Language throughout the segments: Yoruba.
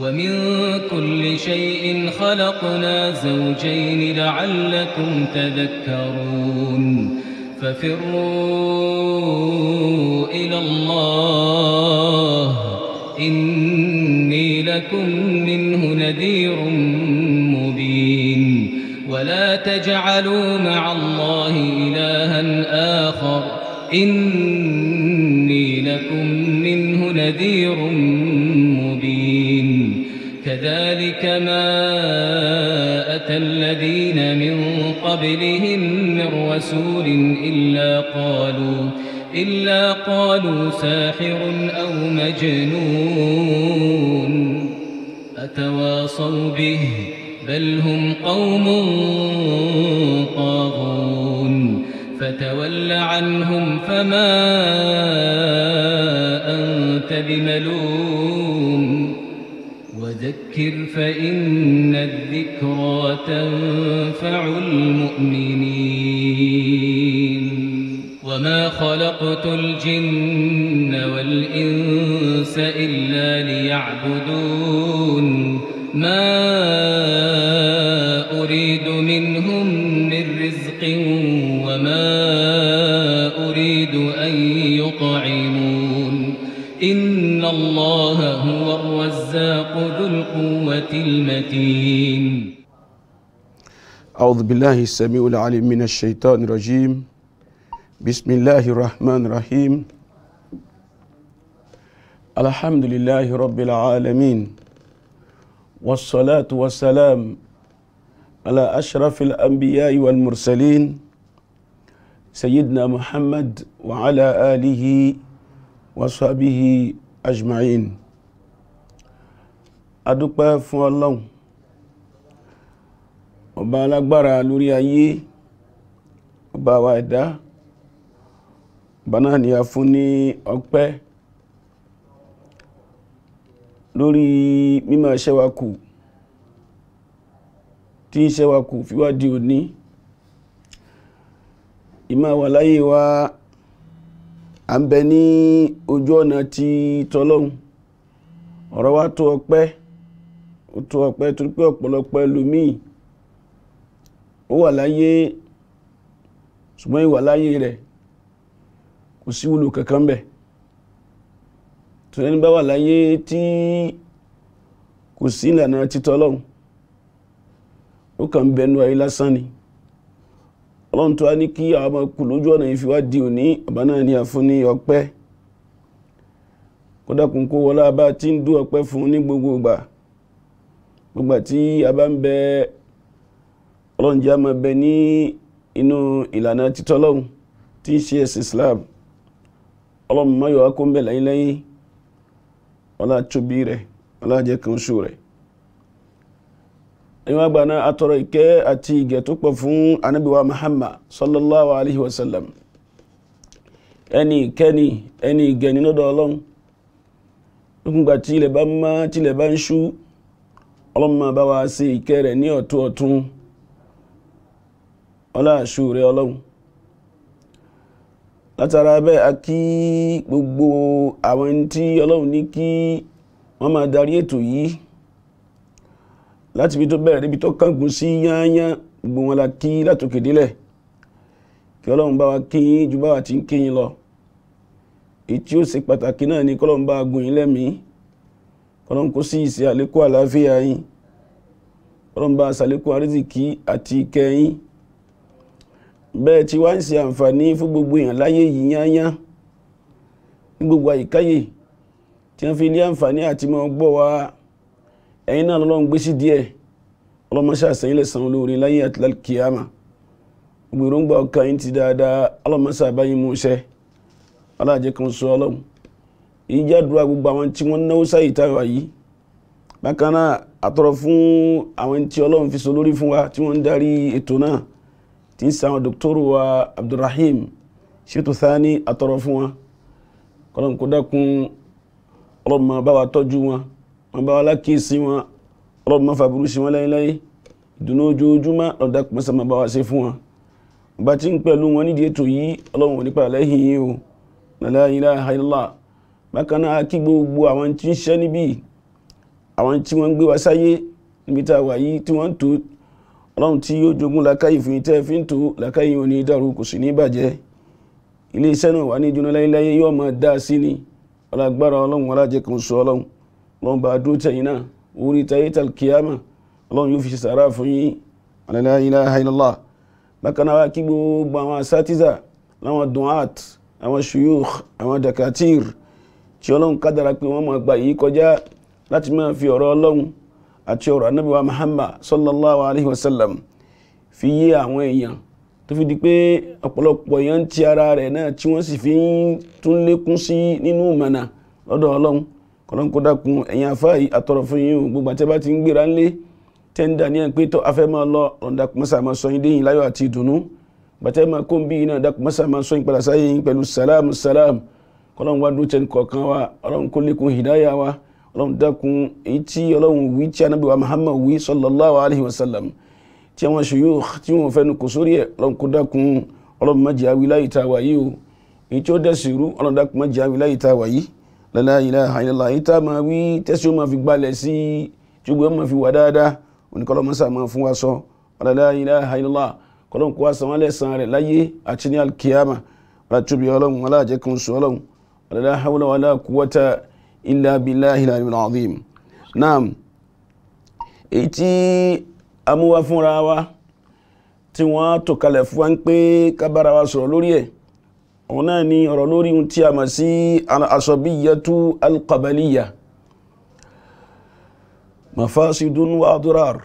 ومن كل شيء خلقنا زوجين لعلكم تذكرون ففروا إلى الله إني لكم منه نذير مبين ولا تجعلوا مع الله إلها آخر إني لكم منه نذير مبين كذلك ما أتى الذين من قبلهم من رسول إلا قالوا إلا قالوا ساحر أو مجنون أتواصوا به بل هم قوم طاغون فتول عنهم فما أنت بملوم فذكر فإن الذكرى تنفع المؤمنين وما خلقت الجن والإنس إلا ليعبدون ما أريد منهم من رزق وما أريد أن يطعمون إن الله ذو القوة المتين أعوذ بالله السميع العليم من الشيطان الرجيم بسم الله الرحمن الرحيم الحمد لله رب العالمين والصلاة والسلام على أشرف الأنبياء والمرسلين سيدنا محمد وعلى آله وصحبه أجمعين adúpẹ́ fún ọlọ́run ọba alágbára lórí ayé ọba àwa ẹ̀dá ọba náà ni a fún ní ọpẹ́ lórí mímọ̀ ṣẹ́wàkù tí ṣẹ́wàkù fíwádìí òní ìmọ̀ wà láyé wa à ń bẹ ní ojú ọ̀nà ti tọ́lọ́run ọ̀rọ̀ wa tó ọpẹ́ ó tó ọpẹ́ torí pé ọ̀pọ̀lọpọ̀ ẹlòmíì ó wà láyé ṣùgbọ́n ìwà láyé rẹ̀ kò sí wúlò kankan bẹ̀ tó ẹni bá wà láyé tí kò sí ìlànà títọ́ ọlọ́run ó kàn bẹnu ayé lásán ni ọlọ́run tó wá ní kí àwọn ọmọkù lójú ọ̀nà yìí fi wá di òní ọ̀bá náà ni àfún ní ọpẹ́ kódàkùn kó wọlá bá ti ń dú ọpẹ́ fún ní gbogbo ìgbà gbogbo tí a bá ń bẹ ọlọ́njẹ́ a máa bẹ ní inú ìlànà títọ́lọ́hun tí ń ṣe ẹ̀sìn Islam ọlọ́run mọ́yọ̀ akóńbẹ̀ lẹ́yìn lẹ́yìn ọlá tóbi rẹ̀ ọlá jẹ́ kan ṣù rẹ̀ ìwọ̀n àgbà náà atọrọ ìkẹ́ àti ìgẹ̀ tó pọ̀ fún Ànábì wa Muhammad sallallahu alaihi wasallam ẹni ìkẹ́ni ẹni ìgẹ̀ nínú ọ̀dọ̀ ọlọ́run nígbà tí ilẹ̀ bá ń mọ́ tí ilẹ̀ bá ń ṣú ọlọ́mọ bá wa ṣe ìkẹ́ rẹ̀ ní ọ̀tún ọ̀tún ọláṣù rẹ̀ ọlọ́run látara bẹ́ẹ̀ a kí gbogbo àwọn tí ọlọ́run ní kí wọ́n máa darí ètò yìí láti ibi tó bẹ̀rẹ̀ níbi tó kángun sí yányá gbogbo wọn la kí látòkè délẹ̀ kí ọlọ́run bá wa kí ju bá ti ń kí yín lọ èyí tí ó ṣe pàtàkì náà ni kọ́lọ́run bá gùn yín lẹ́mìí ọlọ́run kó sí ìsẹ́ àlékún àlàáfíà yín ọlọ́run bá sàlékún àrízìkí àti ìkẹyìn bẹ́ẹ̀ tí wá ń ṣe àǹfààní fún gbogbo èèyàn láyé yìí yányá ní gbogbo àyíkáyè tí wọ́n fi ní àǹfààní àti mọ́ gbọ́ wa ẹ̀yin náà lọ́lọ́run gbé sí díẹ̀ ọlọ́mọ ṣàṣẹyìn lẹ́sàn olóore láyé gbogbo èròǹgbà ọkàn yín ti dáadáa ọlọ́mọ ṣàbáyé mú iṣẹ́ kan sọ ìjádùra gbogbo àwọn tí wọ́n náwó sáyé táwa yìí bákan náà àtọ̀rọ̀ fún àwọn tí ọlọ́run fi so lórí fún wa tí wọ́n ń darí ètò náà tí ń sàwọn dọ́kítọ́rù wa Abdulrahim Shitu Thani àtọ̀rọ̀ fún wa kọ́lọ́n kó dákun ọlọ́run máa bá wa tọ́jú wọn máa bá wa lákìsí wọn ọlọ́run máa fàbúrú sí wọn láyéláyé ìdùnnú ojoojúmọ́ ọ̀dà kùmọ́sá máa bá wa ṣe fún wọn bá ti ń pẹ̀lú wọn nídìí ètò yìí ọlọ́run ò nípa lẹ́yìn yìí o la ilaha illallah bákan náà kí gbogbo àwọn tí ń ṣẹ́ níbí àwọn tí wọ́n ń gbé wa sáyé níbi tá a wà yìí tí wọ́n ń tò ọlọ́run tí yóò jogún làkàyè fún yín tẹ́ fi ń tò làkàyè òní dàrú kò sì ní bàjẹ́ ilé iṣẹ́ náà wà ní ìjọba láyéláyé yóò máa dá a sí ni ọlágbára ọlọ́run alájẹ kan sọ ọlọ́run ọlọ́run bá dúró tẹ̀yìn náà orí tayé talkiyama ọlọ́run yóò fi ṣe sàárà fún yín la ilaha illallah bákan náà kí gbogbo àwọn asatiza láwọn dakatir tí ọlọ́run kádàrá pé wọ́n máa gba yìí kọjá láti máa fi ọ̀rọ̀ ọlọ́run àti ọ̀rọ̀ anábì wa Muhammad sallallahu alayhi wa sallam fi yé àwọn èèyàn tó fi di pé ọ̀pọ̀lọpọ̀ èèyàn ti ara rẹ̀ náà tí wọ́n sì fi ń tún lékún sí nínú ìmọ̀nà lọ́dọ̀ ọlọ́run kọ́lọ́n kó dákun ẹ̀yin afáàyè àtọ̀rọ̀ fún yín gbogbo àti bá ti ń gbéra ńlé tẹ́ńdà ní àpé tó afẹ́ máa lọ ọ̀dà kọ́lọ́n wá dúró tẹ́ni kọ̀ọ̀kan wa ọlọ́run kó lékun hìdáyà wa ọlọ́run dákun èyí tí ọlọ́run wí tí anábì wa muhammad wí sallallahu alayhi wa sallam tí àwọn shuyukh tí wọn fẹnu kò sórí ẹ̀ ọlọ́run kó dákun ọlọ́run mẹ́jẹ̀ awi láyé tá a wà yìí o èyí tí ó dẹ̀sì rú ọlọ́run dákun mẹ́jẹ̀ awi láyé tá a wà yìí la ilaha illallah èyí tá a máa wí tẹ́sí ó máa fi gbalẹ̀ sí i tí la ilaha illallah kọ́lọ́n kó wa san wọ́n lẹ́sàn rẹ̀ láyé àti ní alkiyama wàá tóbi ọlọ́run aláàjẹkùn sọ ọlọ́run ولا حول ولا قوة إلا بالله العلي العظيم نعم èyí tí a mú wá fúnra wa tí wọ́n tò kalẹ̀ fún wa ń pé kábára wa sọ̀rọ̀ lórí ẹ̀ òun náà ni ọ̀rọ̀ lórí ohun tí a mọ̀ sí asọ̀bíyàtú alqabaliya mafasidun wa adurar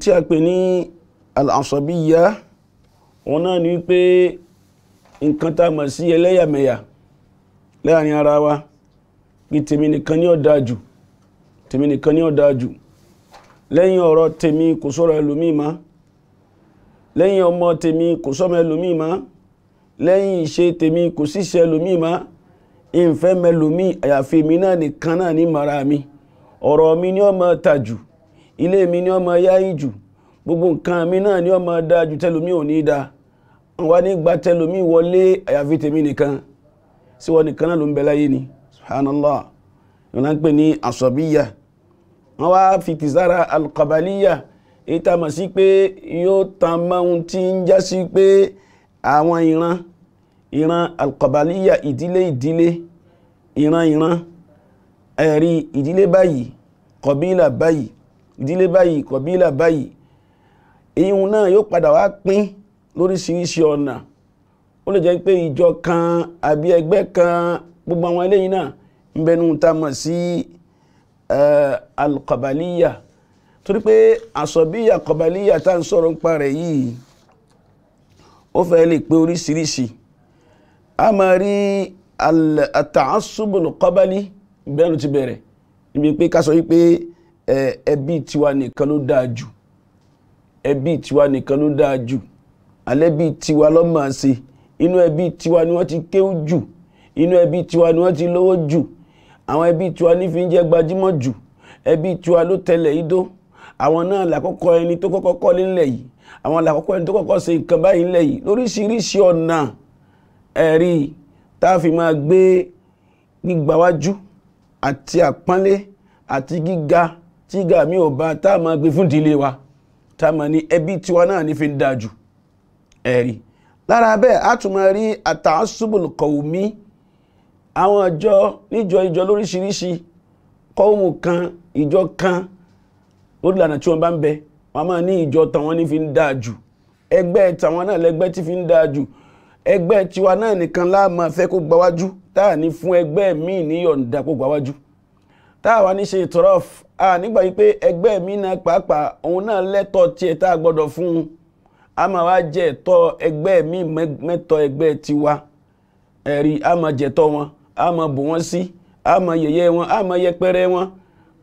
tí a pè ní alasọ̀bíyà òun náà ni pé nǹkan tá a mọ̀ sí ẹlẹ́yàmẹ̀yà láàrin ara wa kí tèmi nìkan ní ó dájú tèmi nìkan ní ó dájú lẹ́yìn ọ̀rọ̀ tèmi kò sọ̀rọ̀ ẹlòmíì má lẹ́yìn ọmọ tèmi kò sọ́mọ ẹlòmíì má lẹ́yìn ìṣe tèmi kò síṣẹ́ ẹlòmíì má ìfẹ́ mẹlòmíì àyàfi mi náà nìkan náà ní mara mi ọ̀rọ̀ mi ní ó máa tàjù ilé mi ní ó máa jù gbogbo nǹkan mi náà ní ó máa dájú tẹlòmíì ò ní dáa wọ́n wá ní tẹlòmíì wọlé àyàfi tèmi nìkan sí wọ́n nìkan náà ló ń bẹ láyé ni subhanallah ìwọ̀n ń pè ní asọ̀bíyà wọ́n wá fi ti sára alkọbalíyà èyí tá mọ̀ sí pé yóò tan mọ́hun tí ń já sí pé àwọn ìran ìran alkọbalíyà ìdílé ìdílé ìran ìran ẹ̀rí ìdílé báyìí kọ̀bílà báyìí ìdílé báyìí kọ̀bílà báyìí ìyún náà yóò padà wá pín lóríṣiríṣi ọ̀nà ó lè jẹ́ pé ìjọ kan àbí ẹgbẹ́ kan gbogbo àwọn eléyìí náà ń bẹnu ta mọ̀ sí alkọ̀bàlíyà torí pé àsọ̀bíyà kọ̀bàlíyà tá ń sọ̀rọ̀ ń rẹ̀ yìí ó fẹ́ lè pé oríṣiríṣi a máa rí àtàásùbùlù kọ́bálí ti bẹ̀rẹ̀ ibi pé ká sọ wípé ẹbí tiwa nìkan inú ẹbí tiwa ni wọ́n ti kéwú jù inú ẹbí tiwa ni wọ́n ti lówó jù àwọn ẹbí tiwa ní fi ń jẹ́ gbajúmọ̀ jù ẹbí tiwa ló tẹlẹ̀ idó àwọn náà làkọ́kọ́ ẹni tó kọ́kọ́ kọ́lé ńlẹ̀ yìí àwọn làkọ́kọ́ ẹni tó kọ́kọ́ ṣe nǹkan báyìí ńlẹ̀ yìí lóríṣiríṣi ọ̀nà ẹ̀rí tá a fi máa gbé gbígbàwájú àti àpọ́nlé àti gíga tí gíga mi ò bá tá a máa gbé fún ìdílé wa tá a máa ní ẹbí tiwa náà ní fi ń dáa jù ẹ̀rí lára bẹ́ẹ̀ a tún máa rí àtàásùbùn kọ̀ọ̀mí àwọn ìjọ níjọ ìjọ lóríṣiríṣi kọ́ọ̀mù kan ìjọ kan lórí ìlànà tí wọ́n bá ń bẹ wọ́n máa ní ìjọ tàwọn ní fi ń dáa jù ẹgbẹ́ tàwọn náà lẹ́gbẹ́ tí fi ń dáa jù ẹgbẹ́ tiwa náà nìkan la máa fẹ́ kó gbáwájú táà ní fún ẹgbẹ́ míì níyọ̀ǹda kó gbáwájú táà wá ní ṣe ìtọ́rọ̀f à nígbà yìí pé ẹgbẹ́ mi náà pàápàá òun náà lẹ́tọ̀ọ́ tiẹ̀ tá a gbọ́dọ̀ fún un a máa wá jẹ́ ẹ̀tọ́ ẹgbẹ́ mi mẹ́tọ́ ẹgbẹ́ tiwa ẹ̀rí a máa jẹ̀tọ́ wọn a máa bù wọ́n sí a máa yẹ̀yẹ́ wọn a máa yẹpẹrẹ wọn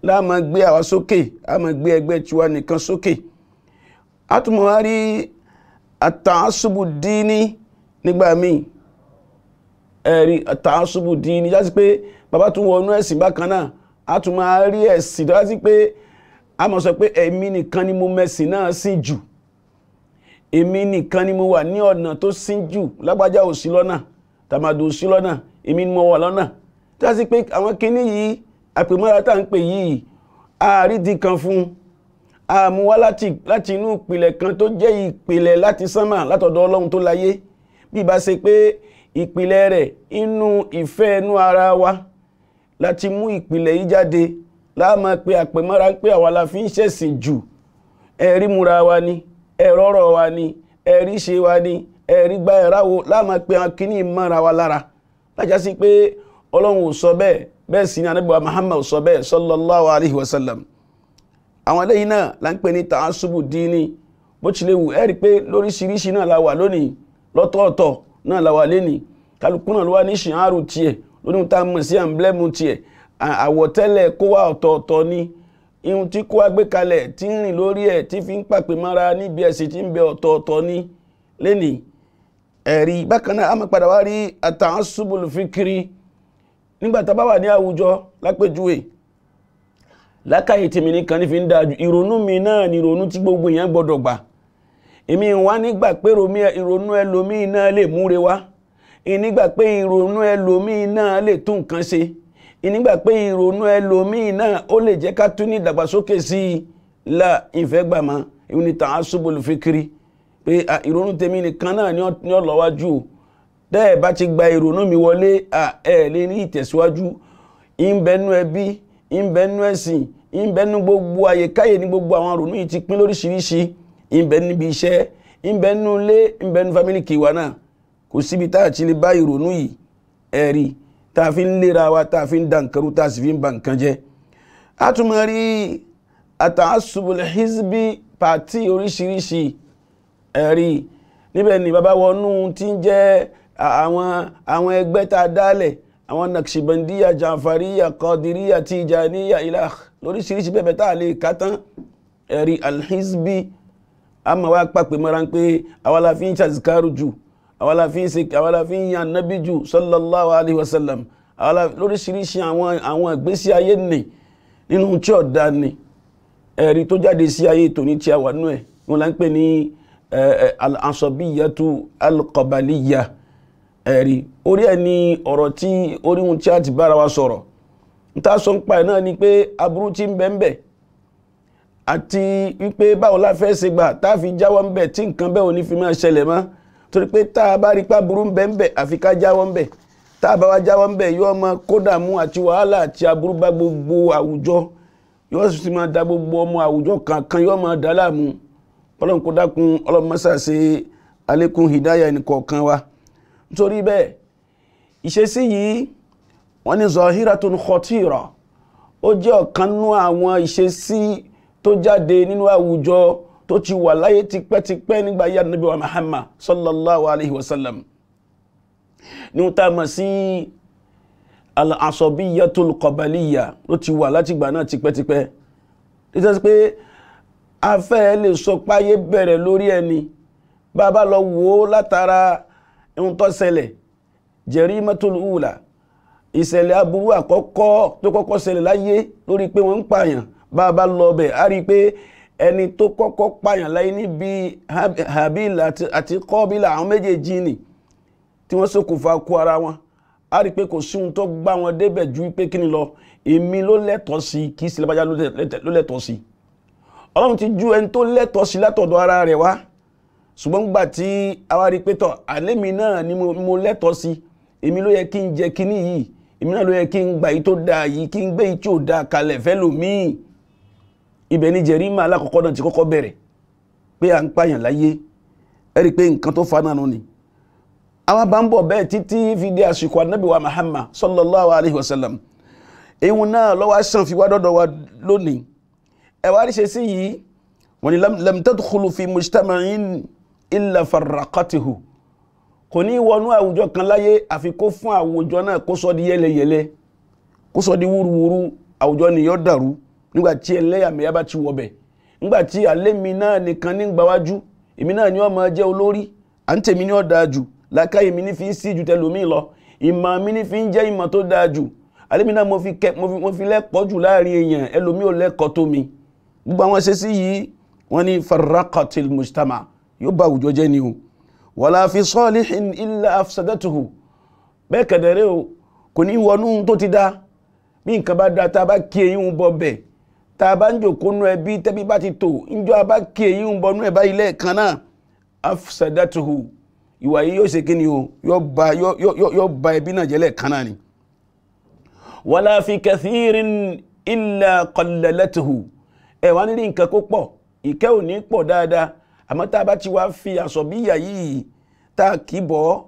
la máa gbé àwa sókè a máa gbé ẹgbẹ́ tiwa nìkan sókè a tún máa rí àtàásùbù díní nígbà míì ẹ̀rí àtàásùbù díní já sí pé bàbá tún wọnú ẹ̀sìn bákan náà a tún máa rí ẹ̀sìn tó pé a máa sọ pé èmi nìkan ni mo mẹ̀sìn náà sìn jù èmi nìkan ni mo wà ní ọ̀nà tó ṣínjú lágbájá ò sí lọ́nà tàmàdù ò sí lọ́nà èmi ni mo wà lọ́nà tí a sì pé àwọn kinní yìí àpèmọ́ra tá à ń pè yìí àárídì kan fún àmúwá láti inú ìpìlẹ̀ kan tó jẹ́ ìpìlẹ̀ láti sánmà látọ̀dọ̀ ọlọ́run tó láyé bí ìbá ṣe pé ìpìlẹ̀ rẹ̀ inú ìfẹ́ ẹnu ara wa láti mú ìpìlẹ̀ yìí jáde láàmà pé àpèmọ́ra ń pé àwa la fi ń ṣẹ̀sìn jù ẹ̀rí múra wa ni ẹ̀rọ̀rọ̀ wa ni ẹ̀rí ṣe wa ni ẹ̀rí gba ẹ̀ráwo láàmà pé wọn kí ní ìmọ̀ra wa lára lájá sí pé ọlọ́run ò sọ bẹ́ẹ̀ bẹ́ẹ̀ na ni anábìwá Muhammad sọ bẹ́ẹ̀ sallallahu alaihi wasallam àwọn eléyìí náà la ń pè ní ta'asubu dini bó tilẹ̀ wù ẹ́ pé lóríṣiríṣi náà la wà lónìí lọ́tọ̀ọ̀tọ̀ náà la wà kálukú náà ló wà ní tiẹ̀ lónìí mọ̀ sí àǹblẹ́mù tiẹ̀ àwọ̀tẹ́lẹ̀ ọ̀tọ̀ọ̀tọ̀ ni ihun tí kó agbé kalẹ̀ tí ń rìn lórí ẹ̀ tí fi ń pàpè mọ́ra níbi ẹ̀sìn tí ń bẹ ọ̀tọ̀ọ̀tọ̀ ní lẹ́ni ẹ̀rí bákanáà a máa padà wá rí àtàásùbùlù fíkiri nígbàtà bá wà ní àwùjọ lápèjúwe lákàyè tèmi nìkan ní fi ń dájú ìrònú mi náà ní ìrònú tí gbogbo èèyàn gbọdọ̀ gbà èmi wá nígbà pé ìrònú ẹlòmíì náà lè múre wá ìnígbà pé ìrònú ẹlòmíì náà lè tún nǹkan ṣe ìnígbà pé ìrònú ẹlòmíì náà ó lè jẹ́ ká tún ní ìdàgbàsókè sí i la ìfẹ́ gbà mọ́ ìwọ̀n ní ta'asubul fikri pé ìrònú tèmi nìkan náà ni ó lọ́wájú tẹ́ ẹ̀ bá ti gba ìrònú mi wọlé ẹ̀ lè ní ìtẹ̀síwájú ìbẹ́nu ẹbí ìbẹ́nu ẹ̀sìn ìbẹ́nu gbogbo àyèkáyè ní gbogbo àwọn ìrònú yìí ti pín lóríṣiríṣi ìbẹ́nu ibi iṣẹ́ ìbẹ́nu ilé ìbẹ́nu fámílì kìwà náà kò síbi táà ti lè bá ìrònú yìí ẹ̀rí tá a fi ń lera wa tá a fi ń da nǹkan rú tá a sì fi ń ba nǹkan jẹ́ a tún máa rí àtàásùbùl hizbi pàtí oríṣiríṣi ẹ̀rí níbẹ̀ ni bàbá wọnú tí ń jẹ́ àwọn ẹgbẹ́ tá a dálẹ̀ àwọn Naqshbandiya Ja'fariya Qadiriya Tijaniya ilah lóríṣiríṣi bẹ́ẹ̀ tá a lè kà tán ẹ̀rí alhizbi a máa wá pàpè mọ́ra pé àwa la fi ń ṣàzìkárù jù àwọn aláfi ń yan nábí jù sallallahu alaihi wasallam lóríṣiríṣi àwọn ìgbésí ayé nì nínú tí ọ̀dá ni ẹ̀rí tó jáde sí ayé tòní tí a wà nú ẹ̀ wọn là ń pè ní al-asabiyatu al-qabaliyya ẹ̀rí orí ẹ̀ ni ọ̀rọ̀ tí oríhun tí a ti bára wa sọ̀rọ̀ níta sọ ń pa ẹ̀ náà ni pé aburú ti ń bẹ ń bẹ àti wípé báwo la fẹ́ ṣe gbà tá jáwọ́ ń bẹ tí nǹkan bẹ́ẹ̀ ò ní fi máa ṣẹlẹ̀ mọ́ torí pé tá a bá rí pa burú ńbẹ ńbẹ àfi ká jáwọ́ ńbẹ tá a bá wá jáwọ́ ńbẹ yóò máa kó dààmú àti wàhálà àti aburú bá gbogbo àwùjọ yóò sì máa da gbogbo ọmọ àwùjọ kankan yóò máa dá láàmú ọlọ́run kó dákun ọlọ́run mọ́sà ṣe àlékún hidaya ẹnìkọ̀ọ̀kan wa nítorí bẹ́ẹ̀ ìṣesí yìí wọ́n ní zahiratun khatira ó jẹ́ ọ̀kan nú àwọn ìṣesí tó jáde nínú àwùjọ tó ti wà láyé tipẹ́tipẹ́ nígbà yá nàbí wa Muhammad sallallahu alayhi wa sallam ní wọ́n tá a mọ̀ sí al-asabiyatul qabaliyya ló ti wà láti ìgbà náà tipẹ́tipẹ́ títí sí pé afẹ́ lè sọ páyé bẹ̀rẹ̀ lórí ẹni bàbá lọ wò látara ohun tó ṣẹlẹ̀ jarimatul ula ìṣẹ̀lẹ̀ aburú àkọ́kọ́ tó kọ́kọ́ ṣẹlẹ̀ láyé lórí pé wọ́n ń pààyàn bàbá lọ bẹ̀ á rí pé ẹni tó kọ́kọ́ pààyàn láyé níbi habil àti kọ́bílà àwọn méjèèjì ni tí wọ́n ṣokùnfà kú ara wọn a rí i pé kò sí ohun tó gbá wọn débẹ̀ ju pé kí ni lọ èmi ló lẹ́tọ̀ọ́ sí kì í sí ló lẹ́tọ̀ọ́ sí ọlọ́run ti ju ẹni tó lẹ́tọ̀ọ́ sí látọ̀dọ̀ ara rẹ̀ wá ṣùgbọ́n gbà tí a wá rí i pé tọ̀ àlémi náà ni mo lẹ́tọ̀ọ́ sí èmi ló yẹ kí n jẹ kíní yìí èmi náà ló yẹ kí n gbà yìí tó dáa yìí kí n gbé yìí tí ò dáa kalẹ̀ fẹ́ lòmíì ibẹ̀ ni jẹ̀rímà alákọ̀ọ́kọ́ náà ti kọ́kọ́ bẹ̀rẹ̀ pé à ń pààyàn láyé ẹ rí i pé nǹkan tó fa náà ni àwọn bá ń bọ̀ bẹ́ẹ̀ títí fi dé àsìkò anábì wa Muhammad sallallahu alayhi wa sallam ìhun náà lọ́wọ́ sàn fi wá dọ́dọ̀ wa lónìí ẹ wá rí ṣe sí yìí wọ́n ní lam tadkhulu fi mujtama'in illa farraqatihu kò ní wọnú àwùjọ kan láyé àfi kó fún àwùjọ náà kó sọ di yẹlẹyẹlẹ kó sọ di wúruwúru àwùjọ nìyọ́ dàrú nígbàtí ẹlẹ́yàmẹ̀yà bá ti wọ̀bẹ̀ nígbàtí alẹ́ mi náà nìkan ní gbàwájú èmi náà ni ó máa jẹ́ olórí à ń tèmi ní ó dáa jù lákàyè mi ní fi ń sí ju tẹlòmíì lọ ìmọ̀ mi ní fi ń jẹ́ ìmọ̀ tó dáa jù alẹ́ náà mo fi kẹ́ mo fi lẹ́pọ̀ jù láàrin èèyàn ẹlòmíì ò lẹ́kọ̀ọ́ tó mi gbogbo àwọn ṣe yìí wọ́n ní farraqatil mujtama yóò bá àwùjọ jẹ́ ni o wala fi salihin illa afsadatuhu bẹ́ẹ̀ kẹ̀dẹ̀rẹ́ o kò ní wọnú tó ti dá bí nǹkan bá dá tá bá kí eyín bọ́ bẹ́ẹ̀ tá a bá ń jòkó nú ẹbí tẹ́bí bá ti tò ńjọ́ a kí èyí ń bọnú ẹ̀ báyìí lẹ́ẹ̀kan náà afsadatuhu ìwà yìí yóò ṣe kí ni o yóò ba ẹbí náà jẹ́ lẹ́ẹ̀kan náà ni wala fi kathirin illa qallalatuhu ẹ̀wà nírí nǹkan kó pọ̀ ìkẹ́ ò ní pọ̀ dáadáa àmọ́ tá a bá ti wá fi àsọ̀bíyà yìí tá a kì í bọ́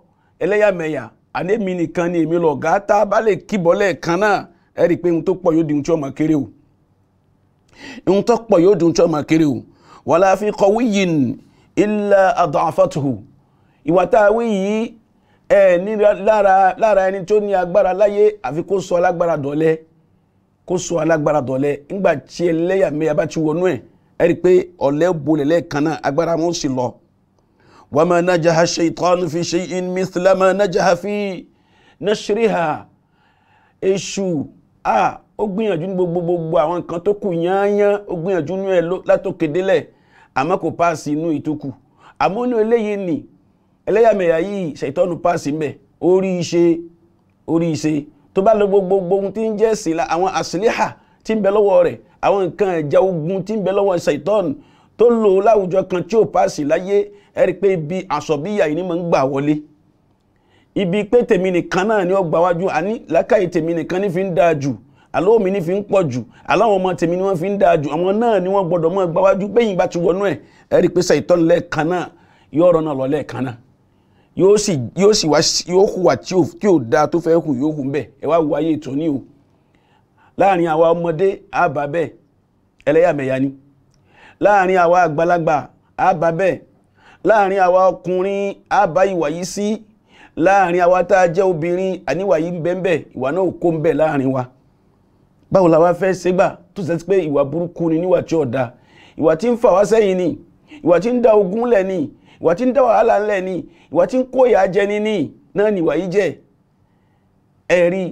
ẹlẹ́yàmẹ̀yà àdémi nìkan ni èmi lọ̀gá tá a bá lè kì í bọ́ lẹ́ẹ̀kan náà ẹ̀rí pé ohun tó pọ̀ yóò di ohun tí ó máa kéré o ohun tó pọ̀ yóò dùn tí ọmọ kiri o wala fi qawiyyin illa ad'afatuhu ìwà tá a wí yìí ẹ ní lára ẹni tó ní agbára láyé àfi kó sọ alágbára dọ̀lẹ kó sọ alágbára dọ̀lẹ nígbà tí ẹlẹ́yàmẹ́yà bá ti wọnú ẹ̀ ẹ rí i pé ọ̀lẹ́ bolẹ̀ lẹ́ẹ̀kan náà agbára wọn sì lọ wàmà nájàha ṣèitán fi ṣe in mìtìlámà nájàha fi náṣíríhà èṣù a ó gbìyànjú ní gbogbo gbogbo àwọn nǹkan tó kù yányán ó gbìyànjú ní ẹ látòkè délẹ̀ àmọ́ kò páàsì inú ìtókù àmọ́ inú eléyìí nì ẹlẹ́yàmẹ̀yà yìí ṣètọ́nu páàsì mbẹ̀ orí iṣẹ́ orí iṣẹ́ tó bá lọ gbogbo ohun tí ń jẹ́ sílá àwọn àṣìlíhà tí ń bẹ lọ́wọ́ rẹ̀ àwọn nǹkan ẹ̀já ogun tí ń bẹ lọ́wọ́ ṣètọ́nu tó lò láwùjọ kan tí ò páàsì láyé ẹ rí pé ibi àṣọ̀bíyà yìí ni mo ń gbà wọlé ibi pé tèmi nìkan náà ni ó gbà wájú àní làákàyè tèmi nìkan ní fi ń dáa jù àlọ́ mi ní fi ń pọ̀ jù àlọ́ àwọn ọmọ tèmi ni wọ́n fi ń dáa jù àwọn náà ni wọ́n gbọ́dọ̀ mọ́ gbáwájú péyìn bá ti wọnú ẹ̀ ẹ rí i pé ṣàìtọ́n lẹ́ẹ̀kan náà yóò rọ́nà lọ lẹ́ẹ̀kan náà yóò sì yóò sì wá yóò hùwà tí ò dáa tó fẹ́ hù yóò hù bẹ́ẹ̀ ẹ wá wáyé ètò ní o láàrin àwa ọmọdé àbá bẹ́ẹ̀ ẹlẹ́yàmẹ̀yà ni láàrin àwa àgbàlagbà àbá bẹ́ẹ̀ láàrin àwa ọkùnrin àbá ìwà sí láàrin àwa tá a jẹ́ obìnrin àníwà ń bẹ́ẹ̀ ìwà náà kó ń bẹ́ẹ̀ láàrin wa báwo la wá fẹ́ ṣe gbà tó ṣe pé ìwà burúkú ni níwà tí ọ̀dà ìwà tí ń fà wá sẹ́yìn ni ìwà tí ń da ogun lẹ̀ ni ìwà tí ń da wàhálà ńlẹ̀ ni ìwà tí ń kó ìyà jẹni ni náà ni ìwà yìí jẹ́ ẹ̀rí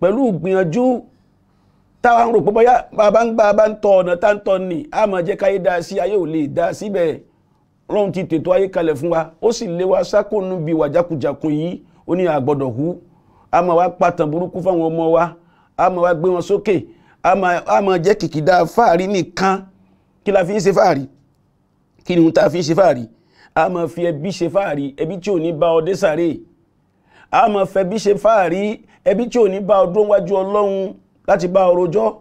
pẹ̀lú ìgbìyànjú táwa ń rò pé bóyá bàbá ń gbà bá ń tọ ọ̀nà tá ni a máa jẹ́ káyé dá sí ayé ò lè dá síbẹ̀ ọlọ́run ti tètò ayé kalẹ̀ fún wa ó sì lé wa sákòónú bíi wàjákujàkun yìí ó ní àgbọ̀dọ̀ hù a máa wá pàtàn burúkú fáwọn ọmọ wa a máa wá gbé wọn sókè a máa jẹ́ kìkìdá fáàrí nìkan kí la fi ń ṣe fáàrí kí ni ta fi ń ṣe fáàrí a máa fi ẹbí ṣe fáàrí ẹbí tí ò ní bá ọdẹ sáré a máa fẹ́ bí ṣe fáàrí ẹbí tí ò ní bá ọdún wájú ọlọ́run láti bá ọrọ̀jọ́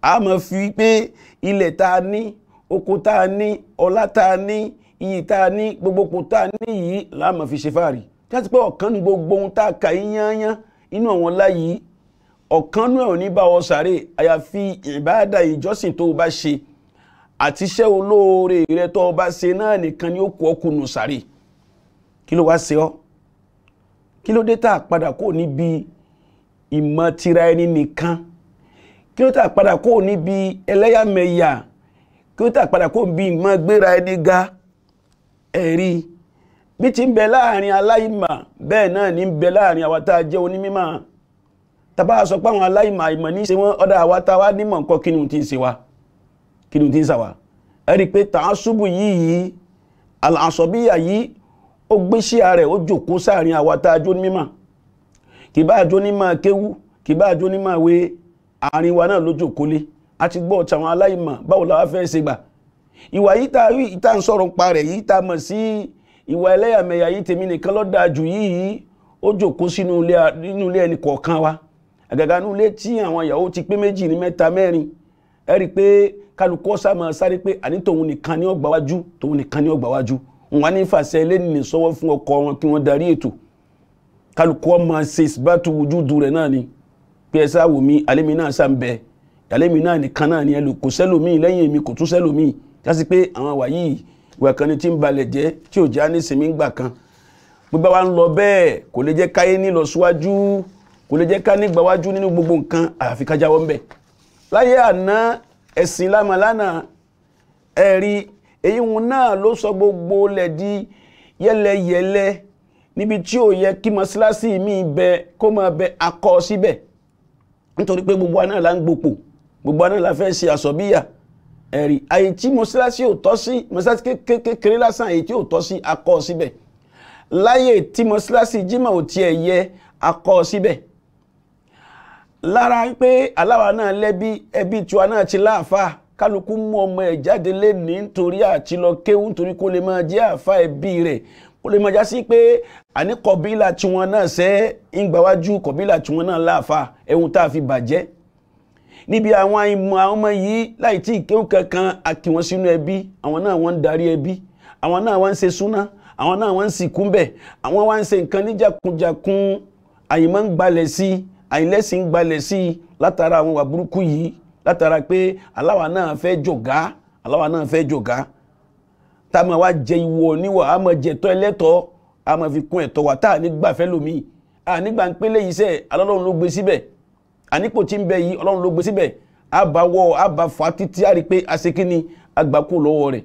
a máa fi pé ilẹ̀ ta ní oko ta ní ọlá ta ní iyì ta ní gbogbo kò ta ní yìí la máa fi ṣe fáàrí tí a ti pé ọ̀kan ní gbogbo ohun tá a kà yín yányán inú àwọn láyìí ọ̀kanú ẹ̀ ò ní bá ọ sàárè àyàfi ìbáàdà ìjọsìn tó o bá ṣe àti iṣẹ́ olóore rẹ tó o bá ṣe náà nìkan ni ó kú ọkùnù sàárè kí ló wá ṣe ọ́ kí ló dé tá a padà kó níbi ìmọ̀ tira ẹni nìkan kí ló tá a padà kó níbi ẹlẹ́yàmẹ̀yà kí ló tá a padà kó níbi ìmọ̀ gbéra ẹni ga ẹ̀rí bí ti ń bẹ láàrin aláìmọ̀ bẹ́ẹ̀ náà ní ń bẹ láàrin àwa tá a jẹ́ onímímọ̀ tàbá sọ pé àwọn aláìmọ̀ àìmọ̀ ní ṣe wọ́n ọ̀dà àwa táwa nímọ̀ nǹkan kí ni ti ń ṣe wa kí ni ti ń ṣà wa ẹ rí i pé tàásùbù yìí yìí àṣọbíyà yìí ó gbé sí ààrẹ ó jòkó sáàrin àwa tá a jó ní mímọ̀ kì bá a jó ní máa kéwú kì bá a jó ní máa wé àárín wa náà ló jòkó lé a ti gbọ́ ọ̀tàwọn aláìmọ̀ báwo la wá fẹ́ ṣe gbà ìwà yìí tá rí ń sọ̀rọ̀ pa rẹ̀ yìí tá mọ̀ sí ìwà ẹlẹ́yàmẹ̀yà yìí tèmi nìkan ló jù yìí ó jòkó sínú ilé ẹnì kọ̀ọ̀kan wa àgàgà inú ilé tí àwọn ìyàwó ti pé méjì ní mẹ́ta mẹ́rin ẹ rí i pé kálukú ọ̀sà máa sáré pé àní tòun nìkan ní ọgbà wájú tòun nìkan ní ọgbà wájú wọn á ní fàṣẹ ilé nìyẹn sọ́wọ́ fún ọkọ wọn kí wọ́n darí ètò kálukú ọmọ ṣe ìsìbátú wujúdu rẹ̀ náà ni pé ẹ sá wò mí àlémi náà sá ń bẹ àlémi náà nìkan náà ni ẹlò kò sẹ́lòmíì lẹ́yìn èmi kò tún sẹ́lòmíì jásí pé àwọn wàyí ìwà kan ni tí ń balẹ̀ jẹ́ tí ò já ní sinmi ń gbà kan gbogbo wa ń lọ bẹ́ẹ̀ kò lè jẹ́ káyé ní lọ síwájú kò lè jẹ́ ká nígbàwájú nínú gbogbo nǹkan àyàfi ká jáwọ́ ńbẹ̀ láyé àná ẹ̀sìn lámàlánà ẹ̀rí èyí náà ló sọ gbogbo lẹ̀ di yẹ́lẹyẹ̀lẹ níbi tí ò yẹ kí mọ́síláṣí mi bẹ kó máa bẹ akọ síbẹ̀ nítorí pé gbogbo aná là ń gbopò gbogbo aná là fẹ́ ṣe àsọ̀bíyà ẹ̀rí àyè tí mọ́síláṣí ò tọ́ sí mọ́síláṣí kékeré lásán àyè tí ò tọ́ sí akọ síbẹ̀ láyè tí mọ́síláṣí jimá tiẹ̀ yẹ akọ síbẹ̀ lára pé aláwa náà lẹ́bí ẹbí tiwa náà ti láàfà kálukú mú ọmọ ẹ̀ jáde lé ní nítorí àti lọ kéwú nítorí kó lè máa jẹ́ àfa ẹbí rẹ̀ kó lè máa já sí pé àní kọ̀bílà tiwọn náà sẹ́ ń gbàwájú kọ̀bílà tiwọn náà láàfà ẹ̀hún tá a fi bàjẹ́ níbi àwọn ìmọ̀ àwọn ọmọ yìí láì tí ìkéwù kankan àkì wọn sínú ẹbí àwọn náà wọ́n ń darí ẹbí àwọn náà wọ́n ń ṣe súná àwọn náà wọ́n ń sìnkú bẹ̀ àwọn wọ́n ń ṣe nǹkan níjàkúnjàkún àyè máa ń gbalẹ̀ sí i àìlẹ́sìn gbalẹ̀ sí i látara àwọn wà burúkú yìí látara pé aláwa náà fẹ́ jọ̀gá aláwa náà fẹ́ jọ̀gá tá a máa wá jẹ ìwọ níwọ̀ a máa jẹ̀tọ́ ẹlẹ́tọ́ a máa fi kún ẹ̀tọ́ wa tá a ní gbà fẹ́ lómi a ní gbà ń pélé yìí sẹ́ alọ́lọ́run ló gbé síbẹ̀ ànípò tí ń bẹ yìí ọlọ́run ló gbé síbẹ̀ àbáwọ̀ àbáfà títí a rí pé a ṣe kí ni agbákù lọ́wọ́ rẹ̀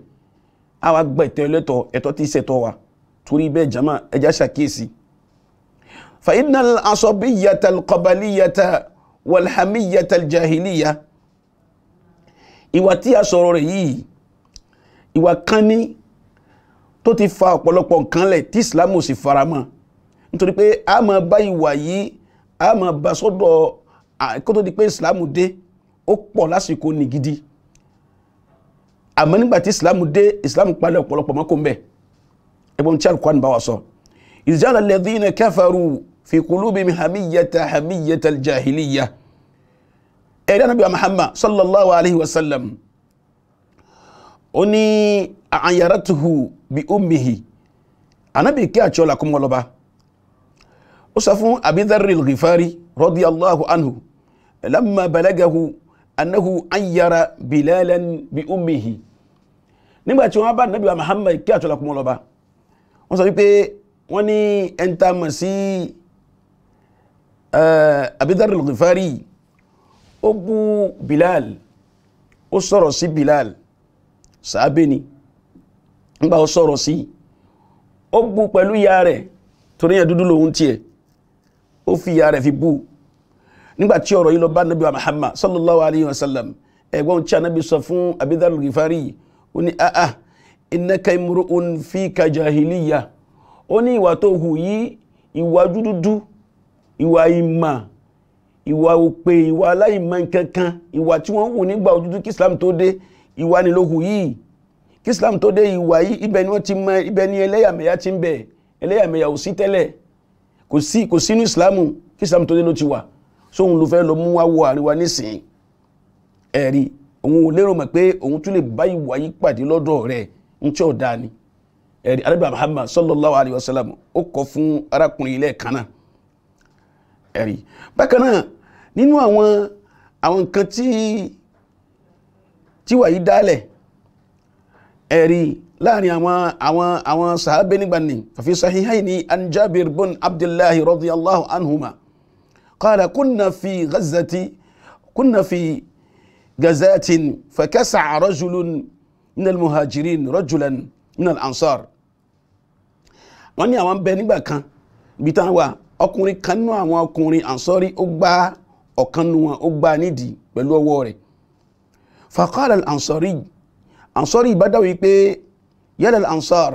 àwa gba ẹ̀tọ́ ẹlẹ́tọ́ ẹ̀tọ́ tí ń wa torí bẹ́ẹ̀ jama ẹja ṣàkíyèsí فإن العصبية القبلية والحمية الجاهلية ìwà tí a sọ̀rọ̀ rẹ̀ yìí ìwà kan ní tó ti fa ọ̀pọ̀lọpọ̀ nǹkan lẹ̀ tí ìsìlámù sì faramọ́ nítorí pé a máa bá ìwà yìí a máa bá sọ́dọ̀ kó tó di pé ìsìlámù dé ó pọ̀ lásìkò ní gidi àmọ́ nígbà tí ìsìlámù dé ìsìlámù palẹ̀ ọ̀pọ̀lọpọ̀ mọ́kò ń bẹ̀ ẹgbọ́n tí alukwan bá wa sọ fi kulubim hamiyata hamiyata aljahiliya ẹ̀rí Ànábì wa Muhammad sallallahu alaihi wasallam ó ní àyàrátùhù bí ummihi anábì kí àti ọlá kún ọlọ́ba ó sọ fún Abi Dharr al-Ghifari radiyallahu anhu lamma balagahu annahu ayyara bilalan bí ummihi nígbàtí wọ́n bá nábì wa Muhammad kí àti ọlá kún ọlọ́ba wọ́n sọ wípé wọ́n ní ẹntàmọ̀ sí Abidhar al-Ghifari ó gún Bilal ó sọ̀rọ̀ sí Bilal sàábé ni ńgbà ó sọ̀rọ̀ sí ó gún pẹ̀lú ìyá rẹ̀ torí yẹn dúdú lòun tiẹ̀ ó fi ìyá rẹ̀ fi bú nígbàtí ọ̀rọ̀ yìí lọ bá nàbí wa Muhammad sallallahu alayhi wa sallam ẹ̀gbọ́n tí a nàbí sọ fún Abidhar al-Ghifari ó ní àà ah, ah, innaka imru'un fika jahiliya ó ní ìwà tó hù yìí ìwà dúdúdú ìwà ìmọ̀ ìwà òpè ìwà aláìmọ̀ kankan ìwà tí wọ́n wù nígbà òjújú kí Islam tó dé ìwà nílòhù yìí kí Islam tó dé ìwà yìí ibẹ̀ ni wọ́n ti mọ ibẹ̀ ni ẹlẹ́yàmẹ̀yà ti ń bẹ̀ ẹlẹ́yàmẹ̀yà ò sí tẹ́lẹ̀ kò sí kò sínú Islam kí Islam tó dé ló ti wà sóhun ló fẹ́ lọ mú wá wọ àríwá nísìnyí ẹ̀rí òun ò lérò mọ̀ pé òun tún lè bá ìwà yìí pàdé lọ́dọ̀ rẹ̀ ń tí ò dáa ni ẹ̀rí arábìà Muhammad sallallahu alayhi wa sallam ó kọ fún arákùnrin ilé kan náà ẹ̀rí bákan náà nínú àwọn àwọn nǹkan tí tí wàyí dálẹ̀ ẹ̀rí láàrin àwọn àwọn àwọn sàábé nígbà ní fi sahihayni an Jabir bin Abdullahi radiyallahu anhuma qala kunna fi ghazati kunna fi gazatin fakasa'a rajulun min al-muhajirin rajulan min al-ansar wọ́n ní àwọn bẹ nígbà kan bí tán wà ọkùnrin kan nínú àwọn ọkùnrin ansọ́rí ó gbá ọ̀kan nínú wọn ó gbá nídìí pẹ̀lú ọwọ́ rẹ̀ faqala ansọ́rí ansọ́rí bá dáwọ̀ wípé yala ansar